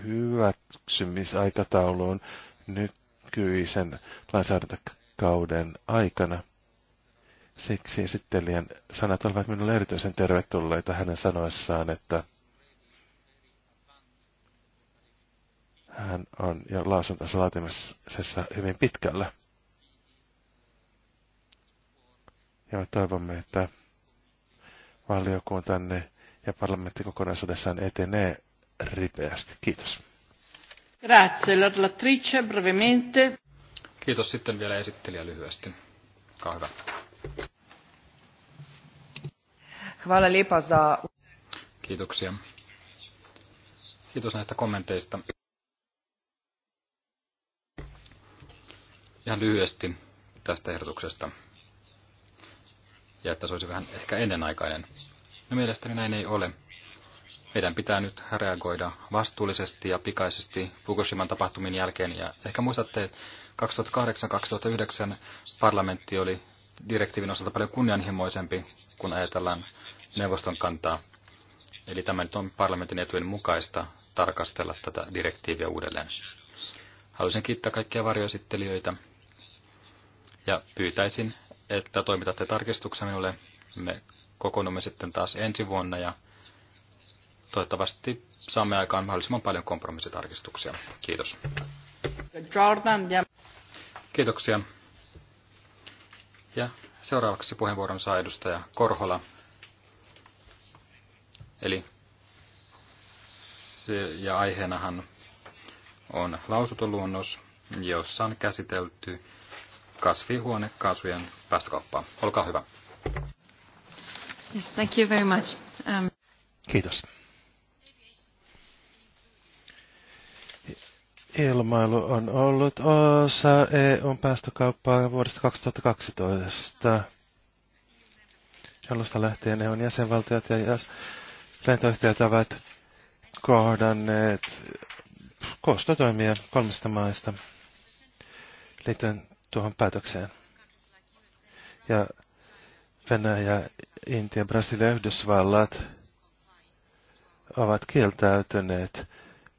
hyväksymisaikatauluun nykyisen lainsäädäntökauden aikana. Siksi esittelijän sanat olivat minulle erityisen tervetulleita hänen sanoessaan, että Hän on jo lausuntansa laatimisessa hyvin pitkällä. Ja toivomme, että valiokuntanne ja parlamentti kokonaisuudessaan etenee ripeästi. Kiitos. brevemente. Kiitos sitten vielä esittelijä lyhyesti. Olkaa hyvä. Hvala Kiitoksia. Kiitos näistä kommenteista. ihan lyhyesti tästä ehdotuksesta. Ja että se olisi vähän ehkä ennenaikainen. No mielestäni näin ei ole. Meidän pitää nyt reagoida vastuullisesti ja pikaisesti Fukushiman tapahtumin jälkeen. Ja ehkä muistatte, että 2008-2009 parlamentti oli direktiivin osalta paljon kunnianhimoisempi, kun ajatellaan neuvoston kantaa. Eli tämä nyt on parlamentin etujen mukaista tarkastella tätä direktiiviä uudelleen. Haluaisin kiittää kaikkia varjoesittelijöitä ja pyytäisin, että toimitatte tarkistuksen minulle. Me kokoonnumme sitten taas ensi vuonna ja toivottavasti saamme aikaan mahdollisimman paljon kompromissitarkistuksia. Kiitos. Kiitoksia. Ja seuraavaksi puheenvuoron saa edustaja Korhola. Eli se, ja aiheenahan on lausuntoluonnos, jossa on käsitelty kasvihuonekaasujen päästökauppaa. Olkaa hyvä. Yes, thank you very much. Um... Kiitos. Ilmailu on ollut osa EUn päästökauppaa vuodesta 2012. Alusta lähtien EUn jäsenvaltiot ja lentoyhtiöt ovat kohdanneet koostotoimia kolmesta maista liittyen tuohon päätökseen. Ja Venäjä, Intia, Brasilia ja Yhdysvallat ovat kieltäytyneet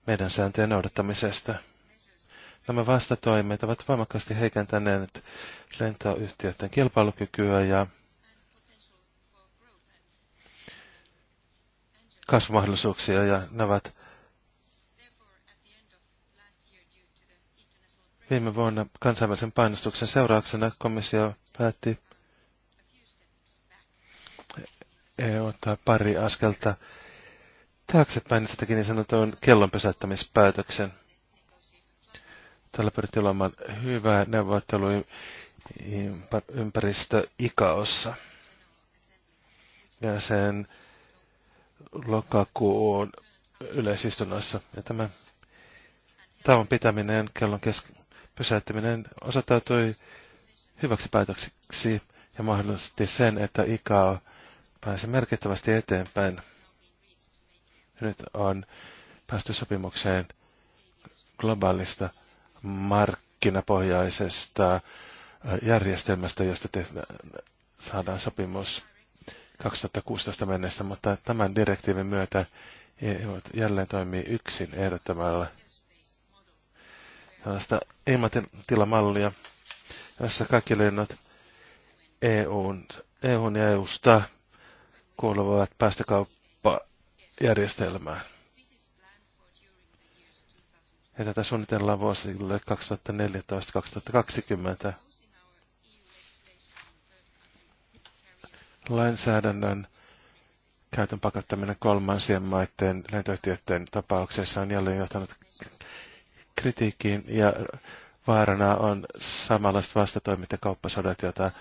meidän sääntöjen noudattamisesta. Nämä vastatoimet ovat voimakkaasti heikentäneet lentoyhtiöiden kilpailukykyä ja kasvumahdollisuuksia ja ne ovat Viime vuonna kansainvälisen painostuksen seurauksena komissio päätti ottaa pari askelta taaksepäin, niin sitäkin niin sanotun kellon pysäyttämispäätöksen. Tällä pyrittiin olemaan hyvä ympäristö ikaossa. Ja sen lokakuun yleisistunnoissa. Ja tämä tauon pitäminen kellon kesk- pysäyttäminen osoittautui hyväksi päätökseksi ja mahdollisti sen, että ICAO pääsi merkittävästi eteenpäin. Nyt on päästy sopimukseen globaalista markkinapohjaisesta järjestelmästä, josta tehdään, saadaan sopimus 2016 mennessä, mutta tämän direktiivin myötä e jälleen toimii yksin ehdottamalla Äh, tällaista ilmatilamallia, jossa kaikki lennot EUn, EUn ja EUsta kuuluvat päästökauppajärjestelmään. Ja tätä suunnitellaan vuosille 2014-2020. Lainsäädännön käytön pakottaminen kolmansien maiden lentoyhtiöiden tapauksessa on jälleen johtanut kritiikkiin ja vaarana on samanlaiset vastatoimit ja kauppasodat, joita,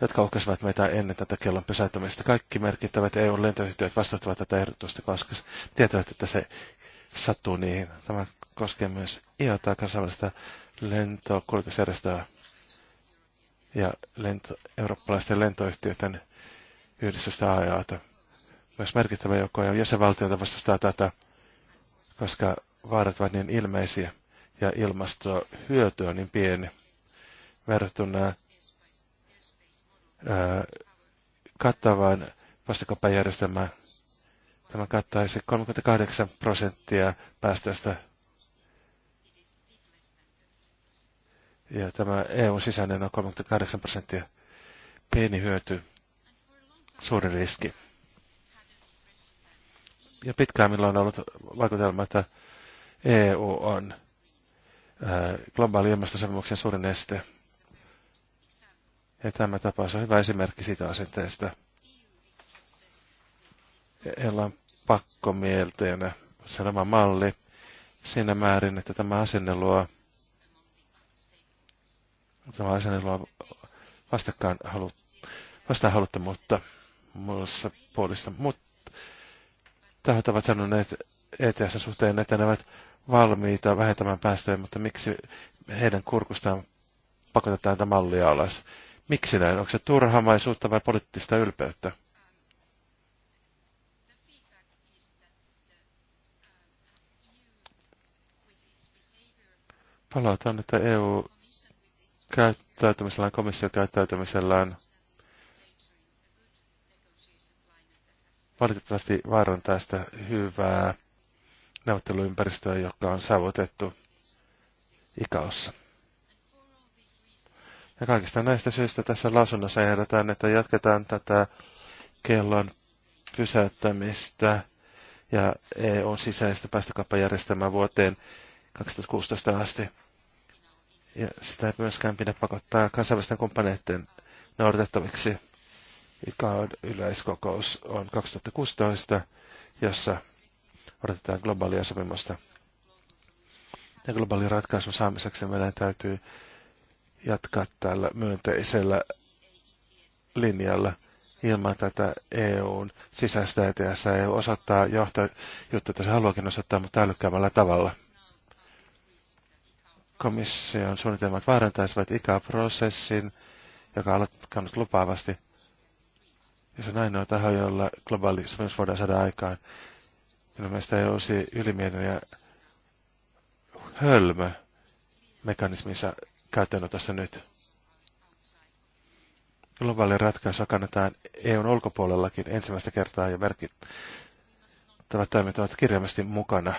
jotka uhkasivat meitä ennen tätä kellon pysäyttämistä. Kaikki merkittävät EU-lentoyhtiöt vastustavat tätä ehdotusta, koska tietävät, että se sattuu niihin. Tämä koskee myös IOTA kansainvälistä lentokuljetusjärjestöä ja lento, eurooppalaisten lentoyhtiöiden yhdistystä AEAta. Myös merkittävä joukko e jäsenvaltioita vastustaa tätä, koska vaarat ovat niin ilmeisiä ja ilmastohyöty on niin pieni verrattuna ää, kattavaan vastakauppajärjestelmään. Tämä kattaisi 38 prosenttia päästöistä. Ja tämä EU sisäinen on 38 prosenttia. Pieni hyöty, suuri riski. Ja pitkään minulla on ollut vaikutelma, että EU on globaali ilmastosopimuksen suurin este. Ja tämä tapaus on hyvä esimerkki siitä asenteesta, jolla on pakkomielteenä sanoma malli siinä määrin, että tämä asenne luo, tämä asenne luo vastakkaan halu, vastaan haluttomuutta muissa puolista. Mutta tahot ovat sanoneet, ETS suhteen etenevät valmiita vähentämään päästöjä, mutta miksi heidän kurkustaan pakotetaan tätä mallia alas? Miksi näin? Onko se turhamaisuutta vai poliittista ylpeyttä? Palataan, että EU käyttäytymisellään, komissio käyttäytymisellään valitettavasti vaarantaa sitä hyvää neuvotteluympäristöä, joka on saavutettu ikaossa. Ja kaikista näistä syistä tässä lausunnossa ehdotetaan, että jatketaan tätä kellon pysäyttämistä ja EUn sisäistä päästökauppajärjestelmää vuoteen 2016 asti. Ja sitä ei myöskään pidä pakottaa kansainvälisten kumppaneiden noudatettaviksi. ICAO yleiskokous on 2016, jossa odotetaan globaalia sopimusta. Ja globaalin ratkaisun saamiseksi meidän täytyy jatkaa tällä myönteisellä linjalla ilman tätä EUn sisäistä ETS. EU osoittaa johtajuutta, että se haluakin osoittaa, mutta älykkäämällä tavalla. Komission suunnitelmat vaarantaisivat ICA-prosessin, joka on alkanut lupaavasti. Ja se on ainoa taho, jolla globaali sopimus voidaan saada aikaan mielestä ei olisi ylimielinen ja hölmö mekanisminsa käyttöönotossa nyt. Globaalia ratkaisua kannataan EUn ulkopuolellakin ensimmäistä kertaa ja merkittävät toimet ovat kirjaimesti mukana.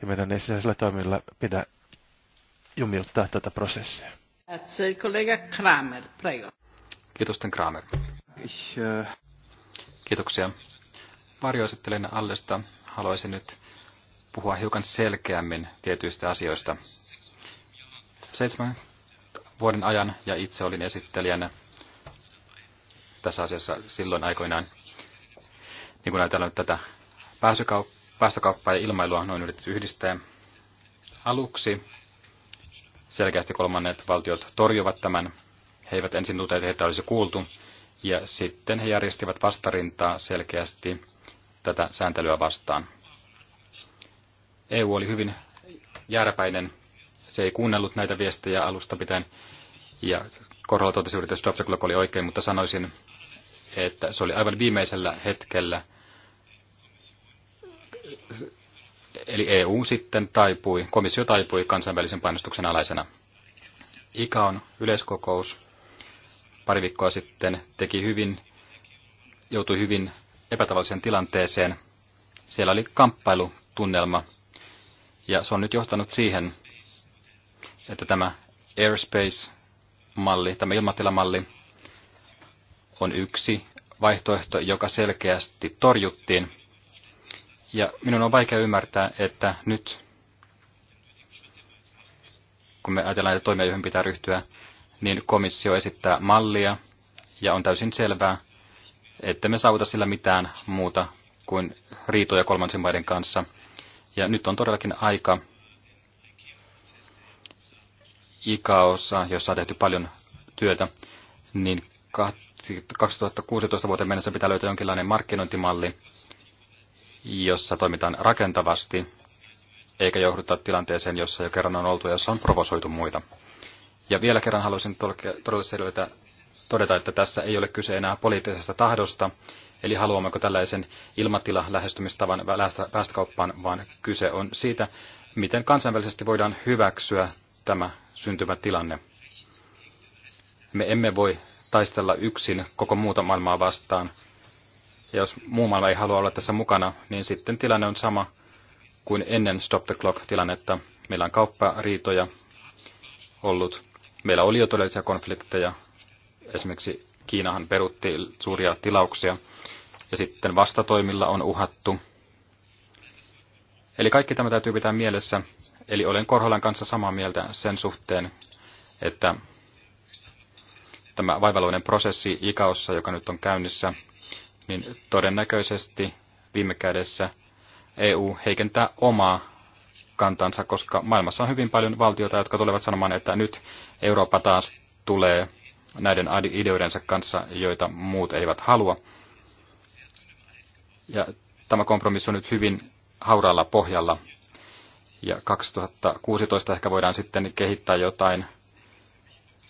Ja meidän ei sisäisillä toimilla pidä jumiuttaa tätä prosessia. Kollega Kramer, prego. Kiitos, Kramer. Äh, Kiitoksia varjoesittelijänä Allesta haluaisin nyt puhua hiukan selkeämmin tietyistä asioista. Seitsemän vuoden ajan, ja itse olin esittelijänä tässä asiassa silloin aikoinaan, niin kun ajatellaan nyt tätä päästökauppaa ja ilmailua noin yritetty yhdistää. Aluksi selkeästi kolmannet valtiot torjuvat tämän. He eivät ensin tuteet, että heitä olisi kuultu, ja sitten he järjestivät vastarintaa selkeästi tätä sääntelyä vastaan. EU oli hyvin järpäinen. Se ei kuunnellut näitä viestejä alusta pitäen. Ja Korolla totesi the Clock oli oikein, mutta sanoisin, että se oli aivan viimeisellä hetkellä. Eli EU sitten taipui, komissio taipui kansainvälisen painostuksen alaisena. ICAON yleiskokous pari viikkoa sitten teki hyvin, joutui hyvin epätavalliseen tilanteeseen. Siellä oli kamppailutunnelma ja se on nyt johtanut siihen, että tämä airspace-malli, tämä ilmatilamalli, on yksi vaihtoehto, joka selkeästi torjuttiin. Ja minun on vaikea ymmärtää, että nyt, kun me ajatellaan että toimia, joihin pitää ryhtyä, niin komissio esittää mallia, ja on täysin selvää, että me saavuta sillä mitään muuta kuin riitoja kolmansien maiden kanssa. Ja nyt on todellakin aika ikaossa, jossa on tehty paljon työtä, niin 2016 vuoteen mennessä pitää löytää jonkinlainen markkinointimalli, jossa toimitaan rakentavasti, eikä johduta tilanteeseen, jossa jo kerran on oltu ja jossa on provosoitu muita. Ja vielä kerran haluaisin todella selvitä todeta, että tässä ei ole kyse enää poliittisesta tahdosta, eli haluammeko tällaisen ilmatila-lähestymistavan päästökauppaan, vaan kyse on siitä, miten kansainvälisesti voidaan hyväksyä tämä syntymä tilanne. Me emme voi taistella yksin koko muuta maailmaa vastaan. Ja jos muu maailma ei halua olla tässä mukana, niin sitten tilanne on sama kuin ennen Stop the Clock-tilannetta. Meillä on kauppariitoja ollut. Meillä oli jo todellisia konflikteja Esimerkiksi Kiinahan perutti suuria tilauksia ja sitten vastatoimilla on uhattu. Eli kaikki tämä täytyy pitää mielessä. Eli olen Korholan kanssa samaa mieltä sen suhteen, että tämä vaivalloinen prosessi ikaossa, joka nyt on käynnissä, niin todennäköisesti viime kädessä EU heikentää omaa kantansa, koska maailmassa on hyvin paljon valtioita, jotka tulevat sanomaan, että nyt Eurooppa taas tulee näiden ideoidensa kanssa, joita muut eivät halua. Ja tämä kompromissi on nyt hyvin hauraalla pohjalla. Ja 2016 ehkä voidaan sitten kehittää jotain.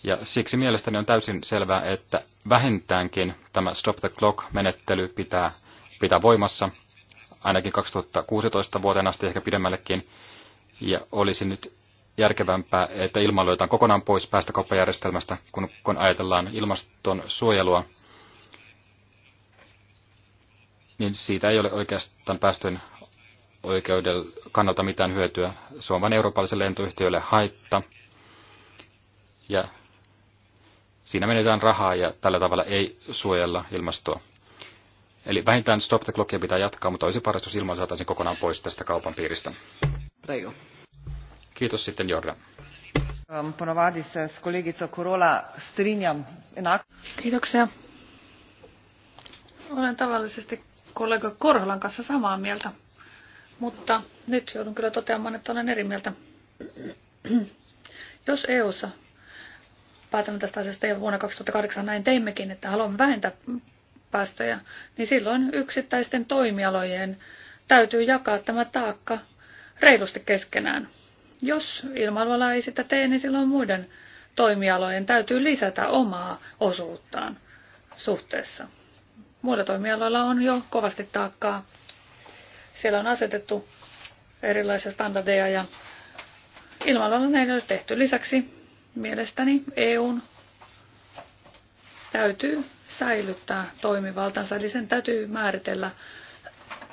Ja siksi mielestäni on täysin selvää, että vähintäänkin tämä Stop the Clock-menettely pitää pitää voimassa, ainakin 2016 vuoteen asti ehkä pidemmällekin. Ja olisi nyt järkevämpää, että ilmailu kokonaan pois päästökauppajärjestelmästä, kun, kun ajatellaan ilmaston suojelua, niin siitä ei ole oikeastaan päästöjen oikeuden kannalta mitään hyötyä. Se on vain eurooppalaiselle lentoyhtiölle haitta. Ja siinä menetään rahaa ja tällä tavalla ei suojella ilmastoa. Eli vähintään stop the clockia pitää jatkaa, mutta olisi paras, jos ilma saataisiin kokonaan pois tästä kaupan piiristä. Prego. Kiitos sitten Jorda. Um, s Korola strinjam Kiitoksia. Olen tavallisesti kollega Korholan kanssa samaa mieltä, mutta nyt joudun kyllä toteamaan, että olen eri mieltä. (clears throat) Jos EUssa päätämme tästä asiasta ja vuonna 2008 näin teimmekin, että haluamme vähentää päästöjä, niin silloin yksittäisten toimialojen täytyy jakaa tämä taakka reilusti keskenään. Jos ilmailuala ei sitä tee, niin silloin muiden toimialojen täytyy lisätä omaa osuuttaan suhteessa. Muilla toimialoilla on jo kovasti taakkaa. Siellä on asetettu erilaisia standardeja ja ilmailualla näin ei ole tehty. Lisäksi mielestäni EUn täytyy säilyttää toimivaltansa, eli sen täytyy määritellä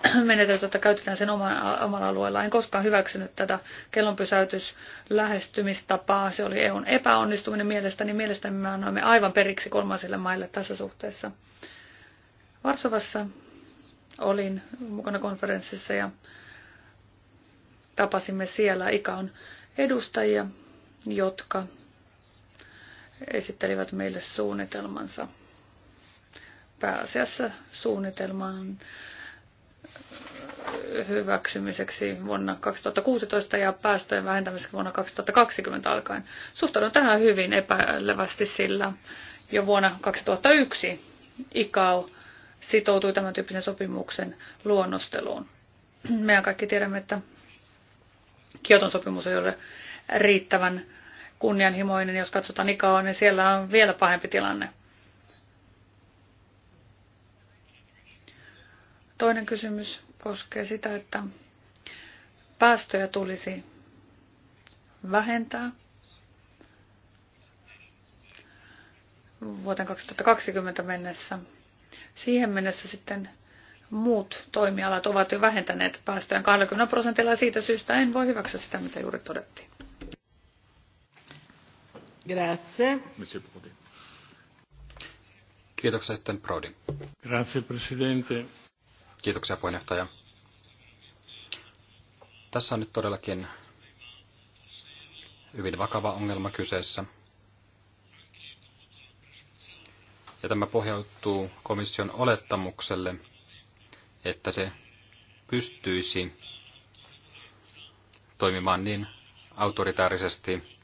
(clears throat) menetelty, että käytetään sen oma, omalla alueella. En koskaan hyväksynyt tätä kellonpysäytys lähestymistapaa. Se oli EUn epäonnistuminen mielestäni. Mielestäni me annoimme aivan periksi kolmansille maille tässä suhteessa. Varsovassa olin mukana konferenssissa ja tapasimme siellä ikaan edustajia, jotka esittelivät meille suunnitelmansa. Pääasiassa suunnitelman hyväksymiseksi vuonna 2016 ja päästöjen vähentämiseksi vuonna 2020 alkaen. Suhtaudun tähän hyvin epäilevästi, sillä jo vuonna 2001 ICAO sitoutui tämän tyyppisen sopimuksen luonnosteluun. Meidän kaikki tiedämme, että Kioton sopimus ei ole riittävän kunnianhimoinen. Jos katsotaan ICAO, niin siellä on vielä pahempi tilanne. Toinen kysymys koskee sitä, että päästöjä tulisi vähentää vuoteen 2020 mennessä. Siihen mennessä sitten muut toimialat ovat jo vähentäneet päästöjään 20 prosentilla ja siitä syystä en voi hyväksyä sitä, mitä juuri todettiin. Grazie. Kiitoksia sitten Prodi. Grazie Presidente. Kiitoksia puheenjohtaja. Tässä on nyt todellakin hyvin vakava ongelma kyseessä. Ja tämä pohjautuu komission olettamukselle, että se pystyisi toimimaan niin autoritaarisesti,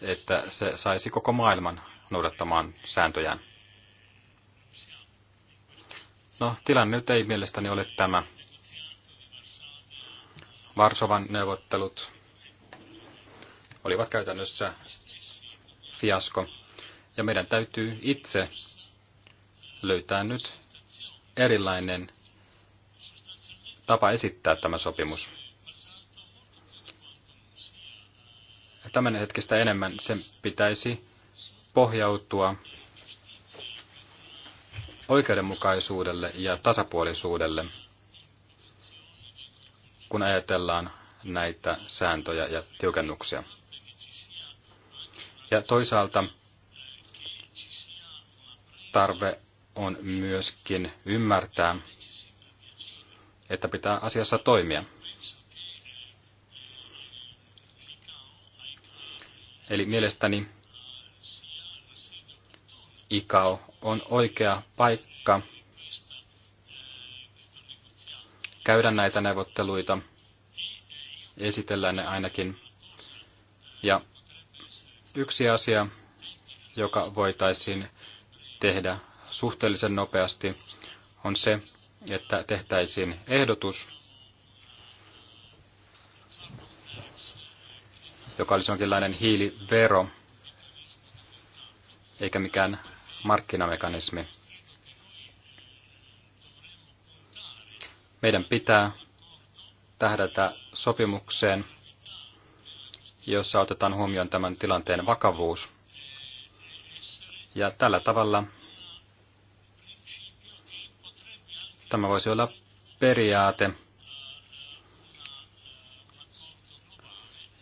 että se saisi koko maailman noudattamaan sääntöjään. No, tilanne nyt ei mielestäni ole tämä. Varsovan neuvottelut olivat käytännössä fiasko. Ja meidän täytyy itse löytää nyt erilainen tapa esittää tämä sopimus. Tämän hetkistä enemmän sen pitäisi pohjautua oikeudenmukaisuudelle ja tasapuolisuudelle, kun ajatellaan näitä sääntöjä ja tiukennuksia. Ja toisaalta tarve on myöskin ymmärtää, että pitää asiassa toimia. Eli mielestäni ikao on oikea paikka käydä näitä neuvotteluita, esitellä ne ainakin. Ja yksi asia, joka voitaisiin tehdä suhteellisen nopeasti, on se, että tehtäisiin ehdotus, joka olisi jonkinlainen hiilivero, eikä mikään markkinamekanismi. Meidän pitää tähdätä sopimukseen, jossa otetaan huomioon tämän tilanteen vakavuus. Ja tällä tavalla tämä voisi olla periaate,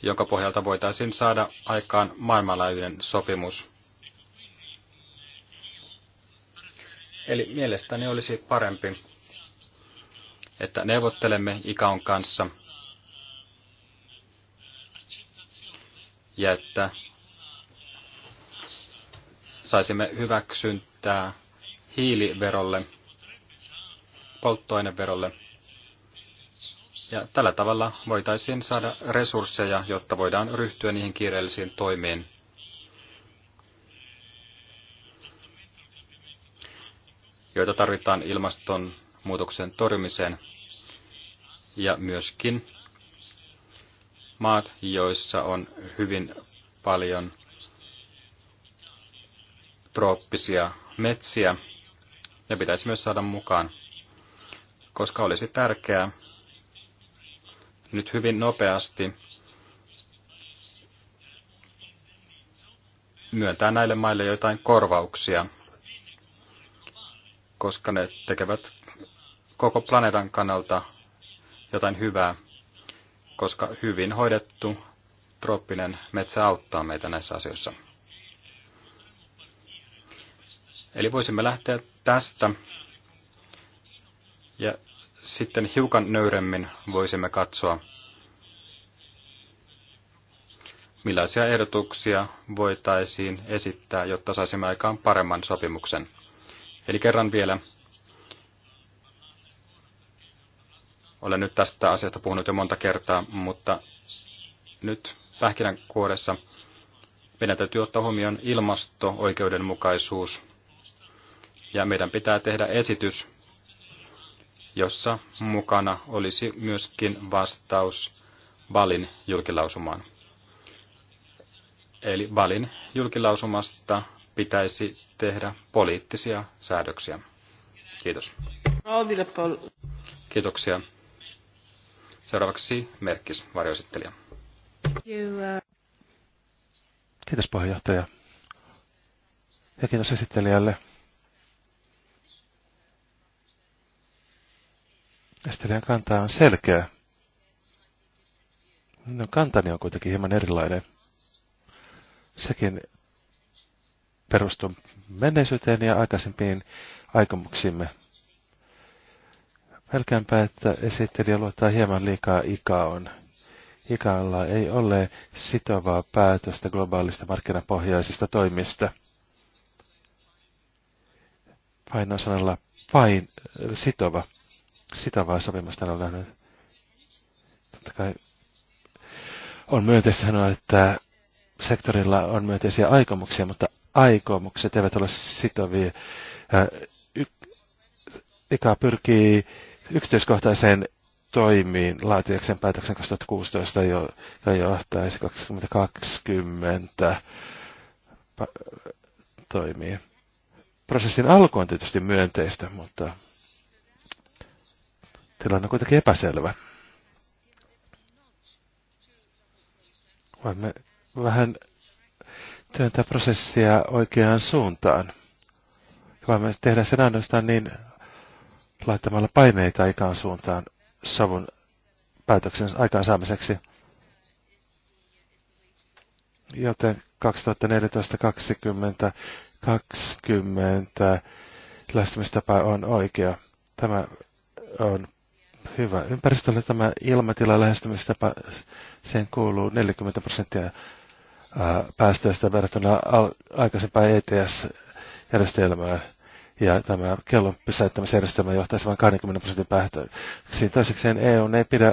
jonka pohjalta voitaisiin saada aikaan maailmanlaajuinen sopimus Eli mielestäni olisi parempi, että neuvottelemme ikaon kanssa ja että saisimme hyväksyntää hiiliverolle, polttoaineverolle. Ja tällä tavalla voitaisiin saada resursseja, jotta voidaan ryhtyä niihin kiireellisiin toimiin, joita tarvitaan ilmastonmuutoksen torjumiseen. Ja myöskin maat, joissa on hyvin paljon trooppisia metsiä, ja pitäisi myös saada mukaan, koska olisi tärkeää nyt hyvin nopeasti myöntää näille maille jotain korvauksia koska ne tekevät koko planeetan kannalta jotain hyvää, koska hyvin hoidettu trooppinen metsä auttaa meitä näissä asioissa. Eli voisimme lähteä tästä ja sitten hiukan nöyremmin voisimme katsoa, millaisia ehdotuksia voitaisiin esittää, jotta saisimme aikaan paremman sopimuksen. Eli kerran vielä. Olen nyt tästä asiasta puhunut jo monta kertaa, mutta nyt kuoressa meidän täytyy ottaa huomioon ilmasto-oikeudenmukaisuus. Ja meidän pitää tehdä esitys, jossa mukana olisi myöskin vastaus Valin julkilausumaan. Eli Valin julkilausumasta pitäisi tehdä poliittisia säädöksiä. Kiitos. Kiitoksia. Seuraavaksi Merkkis, varjoesittelijä. Kiitos puheenjohtaja. Ja kiitos esittelijälle. Esittelijän kanta on selkeä. No kantani on kuitenkin hieman erilainen. Sekin perustuu menneisyyteen ja aikaisempiin aikomuksimme. Pelkäänpä, että esittelijä luottaa hieman liikaa ikaon. Ikaalla ei ole sitovaa päätöstä globaalista markkinapohjaisista toimista. Paino sanalla pain, sitova. Sitovaa sopimusta on nähnyt. Totta kai on myönteistä sanoa, että sektorilla on myönteisiä aikomuksia, mutta aikomukset eivät ole sitovia. Ika pyrkii yksityiskohtaiseen toimiin laatiakseen päätöksen 2016, jo, jo johtaisi 2020 toimii. Prosessin alku on tietysti myönteistä, mutta tilanne on kuitenkin epäselvä. Voimme vähän tätä prosessia oikeaan suuntaan. Vaan me tehdään sen ainoastaan niin laittamalla paineita aikaan suuntaan savun päätöksen aikaansaamiseksi. Joten 2014-2020 lähestymistapa on oikea. Tämä on hyvä. Ympäristölle tämä ilmatila lähestymistapa, sen kuuluu 40 prosenttia Äh, päästöistä verrattuna aikaisempaan ETS-järjestelmään. Ja tämä kellon pysäyttämisjärjestelmä johtaisi vain 20 prosentin päästöihin. Toisekseen EU ei pidä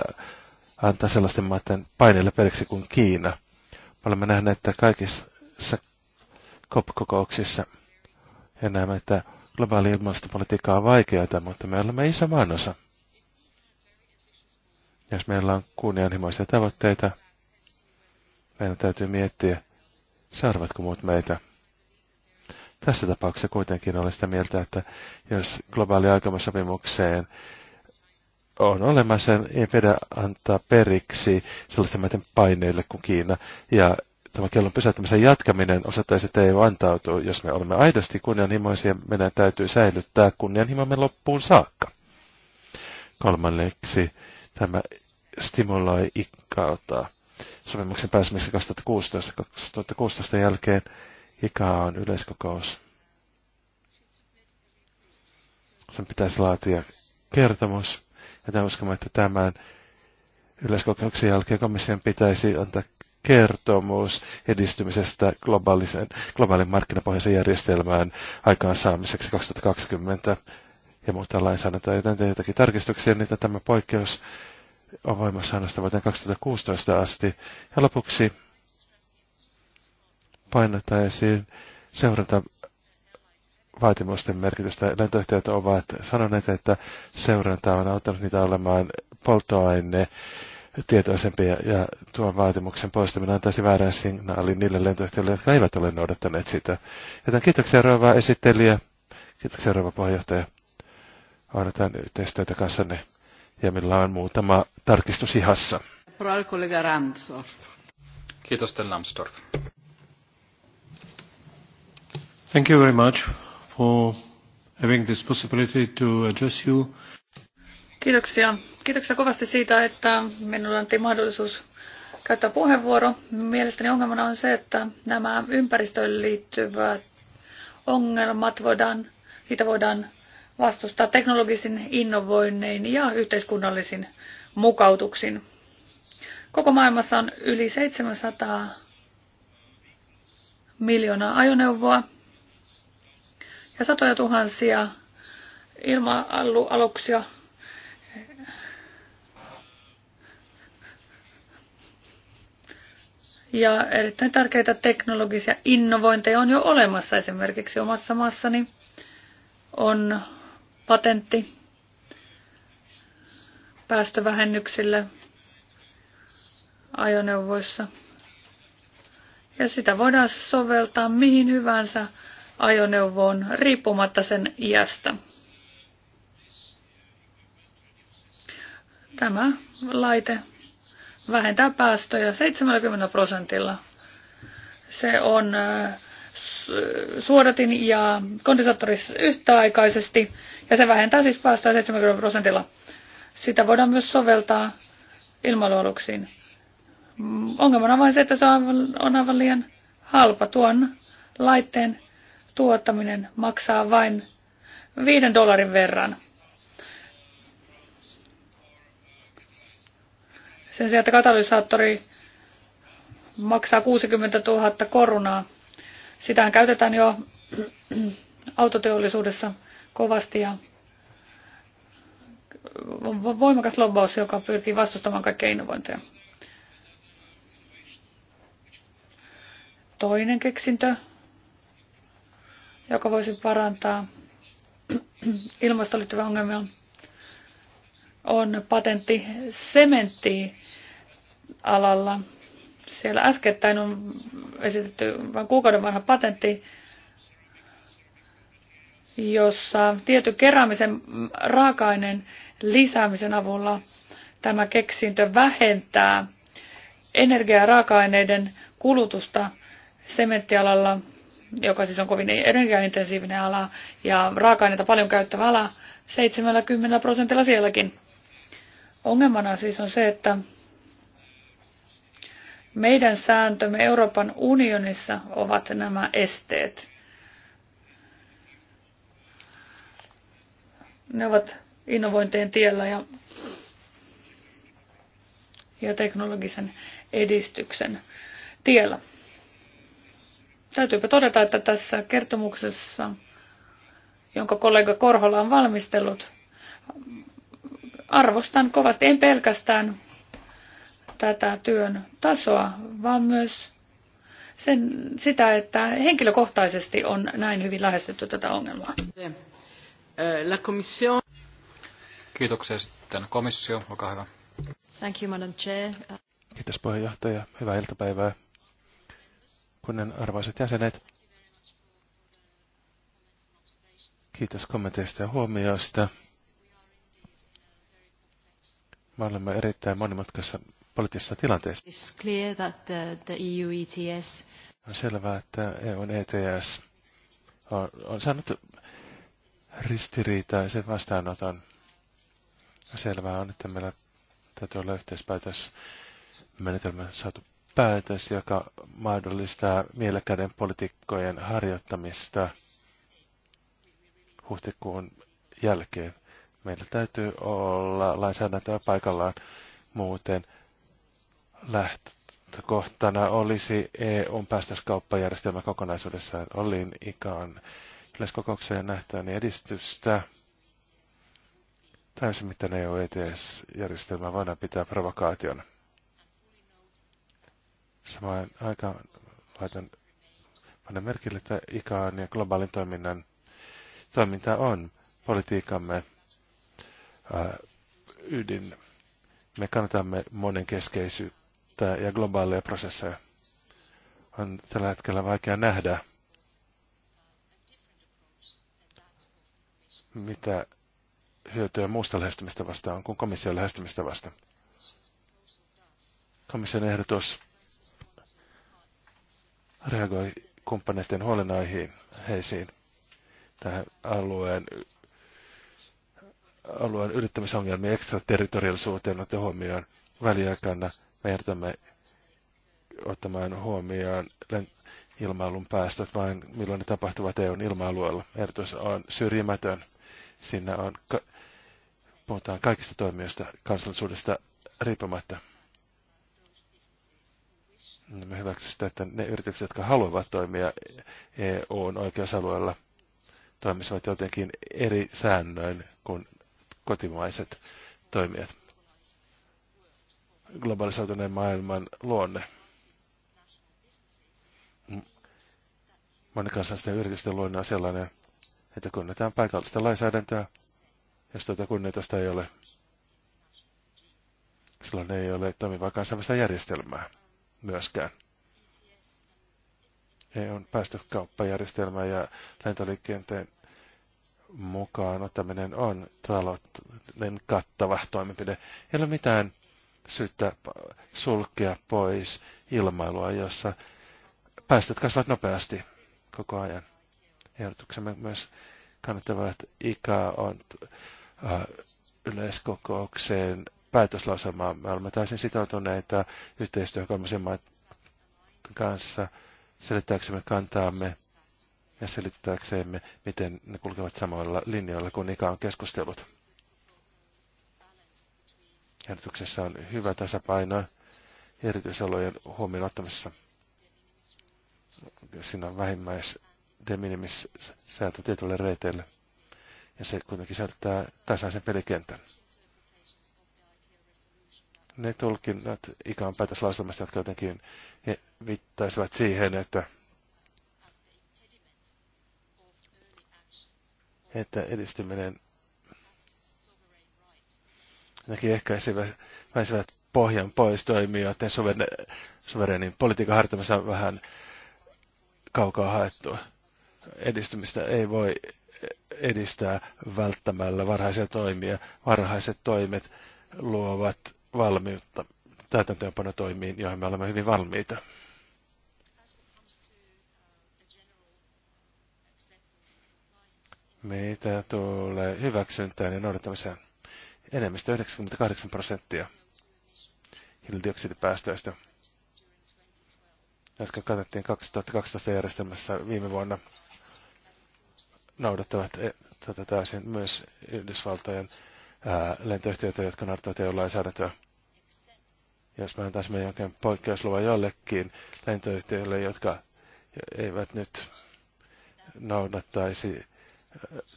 antaa sellaisten maiden paineille periksi kuin Kiina. Me olemme nähneet, että kaikissa COP-kokouksissa ja näemme, että globaali ilmastopolitiikka on vaikeaa, mutta me olemme iso maanosa. Jos meillä on kunnianhimoisia tavoitteita, meidän täytyy miettiä, sarvatko muut meitä. Tässä tapauksessa kuitenkin olen sitä mieltä, että jos globaali aikamassopimukseen on olemassa, niin ei pidä antaa periksi sellaisten maiden paineille kuin Kiina. Ja tämä kellon pysäyttämisen jatkaminen osoittaisi, että EU antautuu. Jos me olemme aidosti kunnianhimoisia, meidän täytyy säilyttää kunnianhimomme loppuun saakka. Kolmanneksi tämä stimuloi ikkauttaa sopimuksen pääsemistä 2016. 2016 jälkeen ICAO on yleiskokous. Sen pitäisi laatia kertomus. Ja uskomme, että tämän yleiskokouksen jälkeen komission pitäisi antaa kertomus edistymisestä globaalisen, globaalin markkinapohjaisen järjestelmään aikaansaamiseksi 2020 ja muuta lainsäädäntöä, joten tee jotakin tarkistuksia, niin tämä poikkeus on voimassa ainoastaan vuoteen 2016 asti. Ja lopuksi esiin seurata vaatimusten merkitystä. Lentoyhtiöt ovat sanoneet, että seuranta on auttanut niitä olemaan polttoaine tietoisempia ja tuon vaatimuksen poistaminen antaisi väärän signaalin niille lentoyhtiöille, jotka eivät ole noudattaneet sitä. Joten kiitoksia rouva esittelijä, kiitoksia rouva puheenjohtaja. Annetaan yhteistyötä kanssanne. Ja meillä on muutama tarkistus ihassa. Kiitos, Sten Lambsdorff. Thank you very much for having this possibility to address you. Kiitoksia. Kiitoksia kovasti siitä, että minulla on mahdollisuus käyttää puheenvuoro. Mielestäni ongelmana on se, että nämä ympäristöön liittyvät ongelmat voidaan, niitä voidaan vastustaa teknologisin innovoinnein ja yhteiskunnallisin mukautuksin. Koko maailmassa on yli 700 miljoonaa ajoneuvoa ja satoja tuhansia ilma-aluksia. Ja erittäin tärkeitä teknologisia innovointeja on jo olemassa esimerkiksi omassa maassani. On patentti päästövähennyksille ajoneuvoissa. Ja sitä voidaan soveltaa mihin hyvänsä ajoneuvoon riippumatta sen iästä. Tämä laite vähentää päästöjä 70 prosentilla. Se on äh, suodatin ja kondensaattorissa yhtäaikaisesti, ja se vähentää siis päästöjä 70 prosentilla. Sitä voidaan myös soveltaa ilmailualuksiin. Ongelmana on vain se, että se on aivan, on aivan liian halpa. Tuon laitteen tuottaminen maksaa vain viiden dollarin verran. Sen sijaan, että katalysaattori maksaa 60 000 korunaa, Sitähän käytetään jo autoteollisuudessa kovasti ja on voimakas lobbaus, joka pyrkii vastustamaan kaikkia innovointeja. Toinen keksintö, joka voisi parantaa ilmastoon liittyviä ongelmia, on patentti sementtialalla. alalla siellä äskettäin on esitetty vain kuukauden vanha patentti, jossa tietyn keräämisen raaka-aineen lisäämisen avulla tämä keksintö vähentää energiaa raaka-aineiden kulutusta sementtialalla, joka siis on kovin energiaintensiivinen ala ja raaka-aineita paljon käyttävä ala, 70 prosentilla sielläkin. Ongelmana siis on se, että meidän sääntömme Euroopan unionissa ovat nämä esteet. Ne ovat innovointien tiellä ja, ja teknologisen edistyksen tiellä. Täytyypä todeta, että tässä kertomuksessa, jonka kollega Korhola on valmistellut, arvostan kovasti, en pelkästään tätä työn tasoa, vaan myös sen, sitä, että henkilökohtaisesti on näin hyvin lähestytty tätä ongelmaa. La commission. Kiitoksia sitten komissio, olkaa hyvä. Thank you, Madam Chair. Kiitos puheenjohtaja, hyvää iltapäivää. Kunnen arvoisat jäsenet, kiitos kommenteista ja huomioista. Me olemme erittäin monimutkaisessa poliittisessa tilanteessa. It's clear that the, the EU ETS... On selvää, että EUn ETS on, on saanut ristiriitaisen vastaanoton. Selvää on, että meillä täytyy olla yhteispäätös menetelmä saatu päätös, joka mahdollistaa mielekkäiden politiikkojen harjoittamista huhtikuun jälkeen. Meillä täytyy olla lainsäädäntöä paikallaan, muuten lähtökohtana olisi EUn päästöskauppajärjestelmä kokonaisuudessaan. Olin ikaan yleiskokoukseen niin edistystä. mitään EU ETS-järjestelmä voidaan pitää provokaationa. Samaan aikaan laitan panna merkille, että ikaan ja globaalin toiminnan toiminta on politiikamme ydin. Me kannatamme monenkeskeisyyttä kehittää ja globaaleja prosesseja. On tällä hetkellä vaikea nähdä, mitä hyötyä muusta lähestymistä vastaan on kuin komission lähestymistä vastaan. Komission ehdotus reagoi kumppaneiden huolenaiheisiin tähän alueen, alueen yrittämisongelmiin, ekstraterritoriallisuuteen ottaen huomioon väliaikana me ehdotamme ottamaan huomioon ilmailun päästöt, vaan milloin ne tapahtuvat EUn ilma-alueella. Ehdotus on syrjimätön. Siinä on, ka- puhutaan kaikista toimijoista kansallisuudesta riippumatta. No, me hyväksymme sitä, että ne yritykset, jotka haluavat toimia EUn oikeusalueella, toimisivat jotenkin eri säännöin kuin kotimaiset toimijat globalisoituneen maailman luonne. Monikansallisten yritysten luonne on sellainen, että kunnetaan paikallista lainsäädäntöä. Jos tuota kunnioitusta ei ole, silloin ei ole toimivaa kansainvälistä järjestelmää myöskään. Ei on päästökauppajärjestelmä ja lentoliikenteen mukaan ottaminen on talouden kattava toimenpide. Ei ole mitään syyttä sulkea pois ilmailua, jossa päästöt kasvavat nopeasti koko ajan. Ehdotuksemme myös kannattavat ikä on äh, yleiskokoukseen päätöslausamaa Me olemme täysin sitoutuneita yhteistyöhön kolmasen maan kanssa selittääksemme kantaamme ja selittääksemme, miten ne kulkevat samoilla linjoilla, kun ikä on keskustellut. Ehdotuksessa on hyvä tasapaino erityisolojen huomioon ottamassa. Siinä on vähimmäis de minimis säätö tietylle reiteille. Ja se kuitenkin säilyttää tasaisen pelikentän. Ne tulkinnat ikään päätöslauselmasta, jotka jotenkin viittaisivat siihen, että että edistyminen nekin ehkäisivät pohjan pois toimijoiden suverenin politiikan harjoittamassa on vähän kaukaa haettua. Edistymistä ei voi edistää välttämällä varhaisia toimia. Varhaiset toimet luovat valmiutta täytäntöönpanotoimiin, joihin me olemme hyvin valmiita. Mitä tulee hyväksyntään ja noudattamiseen? enemmistö 98 prosenttia hiilidioksidipäästöistä, jotka katettiin 2012 järjestelmässä viime vuonna, noudattavat e, tätä täysin myös Yhdysvaltojen lentoyhtiöitä, jotka noudattavat EU-lainsäädäntöä. Jos me antaisimme jonkin poikkeusluvan jollekin lentoyhtiöille, jotka eivät nyt noudattaisi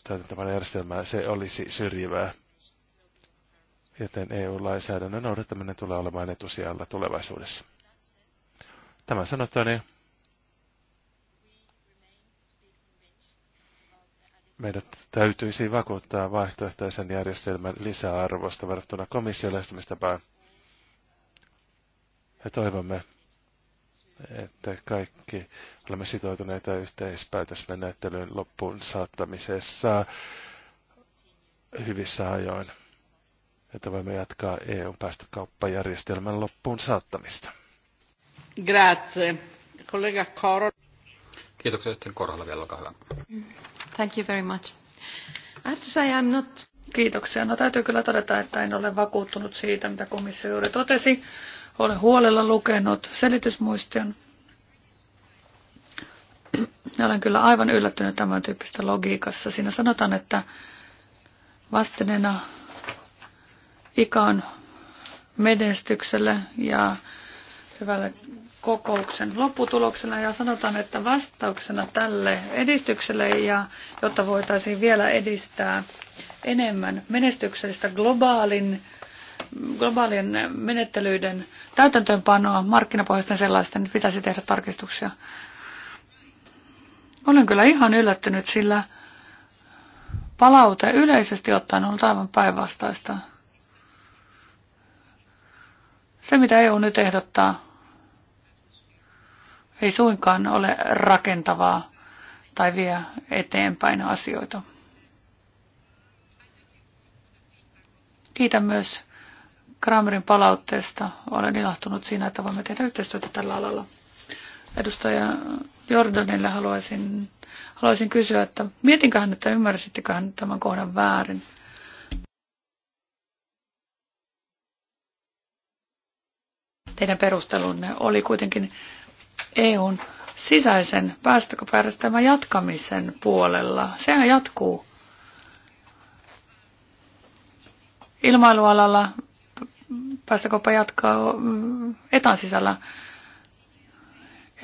täytäntöpäin järjestelmää, se olisi syrjivää joten EU-lainsäädännön noudattaminen tulee olemaan etusijalla tulevaisuudessa. Tämän niin meidät täytyisi vakuuttaa vaihtoehtoisen järjestelmän lisäarvosta verrattuna komission lähestymistapaan. Ja toivomme, että kaikki olemme sitoutuneita yhteispäätösmenettelyyn loppuun saattamisessa hyvissä ajoin että voimme jatkaa EUn päästökauppajärjestelmän loppuun saattamista. Grazie. Kollega Koro. Kiitoksia sitten Korolla vielä, olkaa hyvä. Thank you very much. I have to say I'm not... Kiitoksia. No täytyy kyllä todeta, että en ole vakuuttunut siitä, mitä komissio juuri totesi. Olen huolella lukenut selitysmuistion. Ja olen kyllä aivan yllättynyt tämän tyyppistä logiikassa. Siinä sanotaan, että vastineena ikaan menestykselle ja hyvälle kokouksen lopputuloksena ja sanotaan, että vastauksena tälle edistykselle ja jotta voitaisiin vielä edistää enemmän menestyksellistä globaalin, globaalien menettelyiden täytäntöönpanoa markkinapohjaisten sellaisten pitäisi tehdä tarkistuksia. Olen kyllä ihan yllättynyt, sillä palaute yleisesti ottaen on ollut aivan päinvastaista se, mitä EU nyt ehdottaa, ei suinkaan ole rakentavaa tai vie eteenpäin asioita. Kiitän myös Kramerin palautteesta. Olen ilahtunut siinä, että voimme tehdä yhteistyötä tällä alalla. Edustaja Jordanille haluaisin, haluaisin kysyä, että mietinköhän, että ymmärsittekö tämän kohdan väärin. teidän perustelunne oli kuitenkin EUn sisäisen päästökauppajärjestelmän jatkamisen puolella. Sehän jatkuu ilmailualalla päästökauppa jatkaa etan sisällä.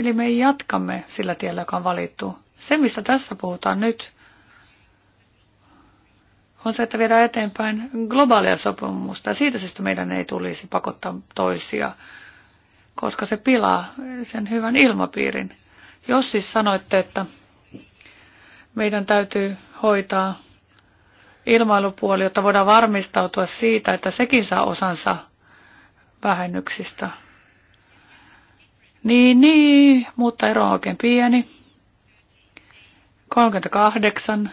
Eli me jatkamme sillä tiellä, joka on valittu. Se, mistä tässä puhutaan nyt, on se, että viedään eteenpäin globaalia sopimusta. Ja siitä syystä meidän ei tulisi pakottaa toisia koska se pilaa sen hyvän ilmapiirin. Jos siis sanoitte, että meidän täytyy hoitaa ilmailupuoli, jotta voidaan varmistautua siitä, että sekin saa osansa vähennyksistä. Niin, niin, mutta ero on oikein pieni. 38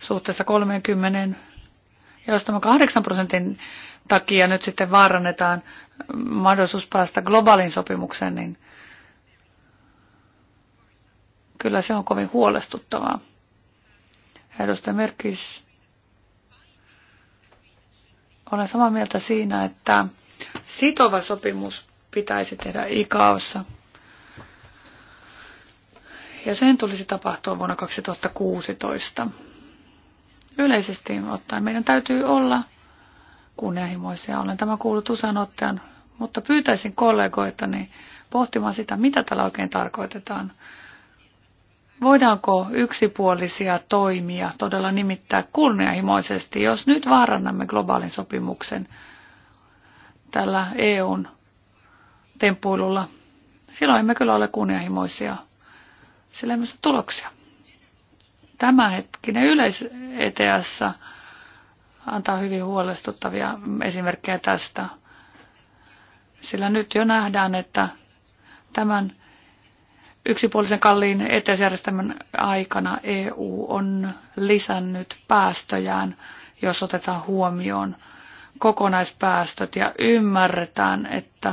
suhteessa 30 jos tämä 8 prosentin takia nyt sitten vaarannetaan mahdollisuus päästä globaalin sopimukseen, niin kyllä se on kovin huolestuttavaa. Edustaja Merkis, olen samaa mieltä siinä, että sitova sopimus pitäisi tehdä ikaossa. Ja sen tulisi tapahtua vuonna 2016. Yleisesti ottaen meidän täytyy olla kunnianhimoisia. Olen tämä kuullut usean ottajan, mutta pyytäisin kollegoitani pohtimaan sitä, mitä tällä oikein tarkoitetaan. Voidaanko yksipuolisia toimia todella nimittää kunnianhimoisesti, jos nyt vaarannamme globaalin sopimuksen tällä EUn temppuilulla? Silloin emme kyllä ole kunnianhimoisia, sillä ei tuloksia tämänhetkinen yleis ETS antaa hyvin huolestuttavia esimerkkejä tästä. Sillä nyt jo nähdään, että tämän yksipuolisen kalliin ETS-järjestelmän aikana EU on lisännyt päästöjään, jos otetaan huomioon kokonaispäästöt ja ymmärretään, että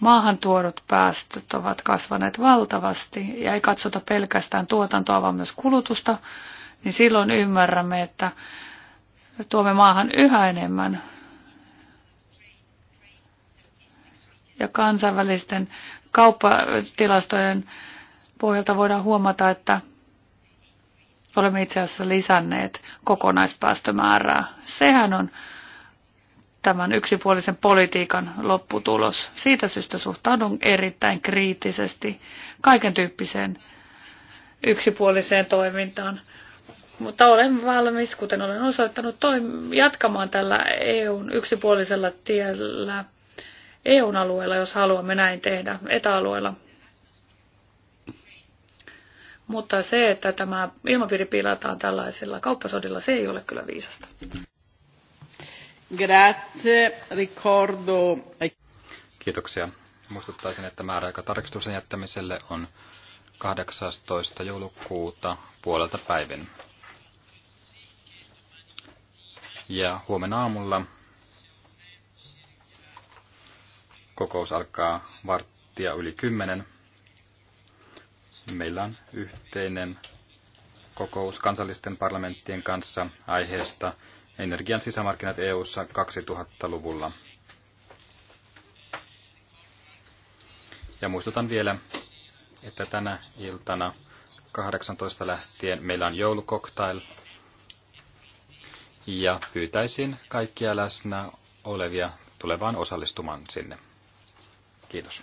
maahantuodut päästöt ovat kasvaneet valtavasti ja ei katsota pelkästään tuotantoa, vaan myös kulutusta, niin silloin ymmärrämme, että tuomme maahan yhä enemmän. Ja kansainvälisten kauppatilastojen pohjalta voidaan huomata, että olemme itse asiassa lisänneet kokonaispäästömäärää. Sehän on tämän yksipuolisen politiikan lopputulos. Siitä syystä suhtaudun erittäin kriittisesti kaiken tyyppiseen yksipuoliseen toimintaan. Mutta olen valmis, kuten olen osoittanut, toim- jatkamaan tällä EUn yksipuolisella tiellä EUn alueella, jos haluamme näin tehdä, etäalueella. Mutta se, että tämä ilmapiiri pilataan tällaisilla kauppasodilla, se ei ole kyllä viisasta. Kiitoksia. Muistuttaisin, että määräaika tarkistuksen jättämiselle on 18. joulukuuta puolelta päivin. Ja huomenna aamulla kokous alkaa varttia yli kymmenen. Meillä on yhteinen kokous kansallisten parlamenttien kanssa aiheesta energian sisämarkkinat EU:ssa 2000-luvulla. Ja muistutan vielä, että tänä iltana 18 lähtien meillä on joulukoktail. Ja pyytäisin kaikkia läsnä olevia tulevaan osallistumaan sinne. Kiitos.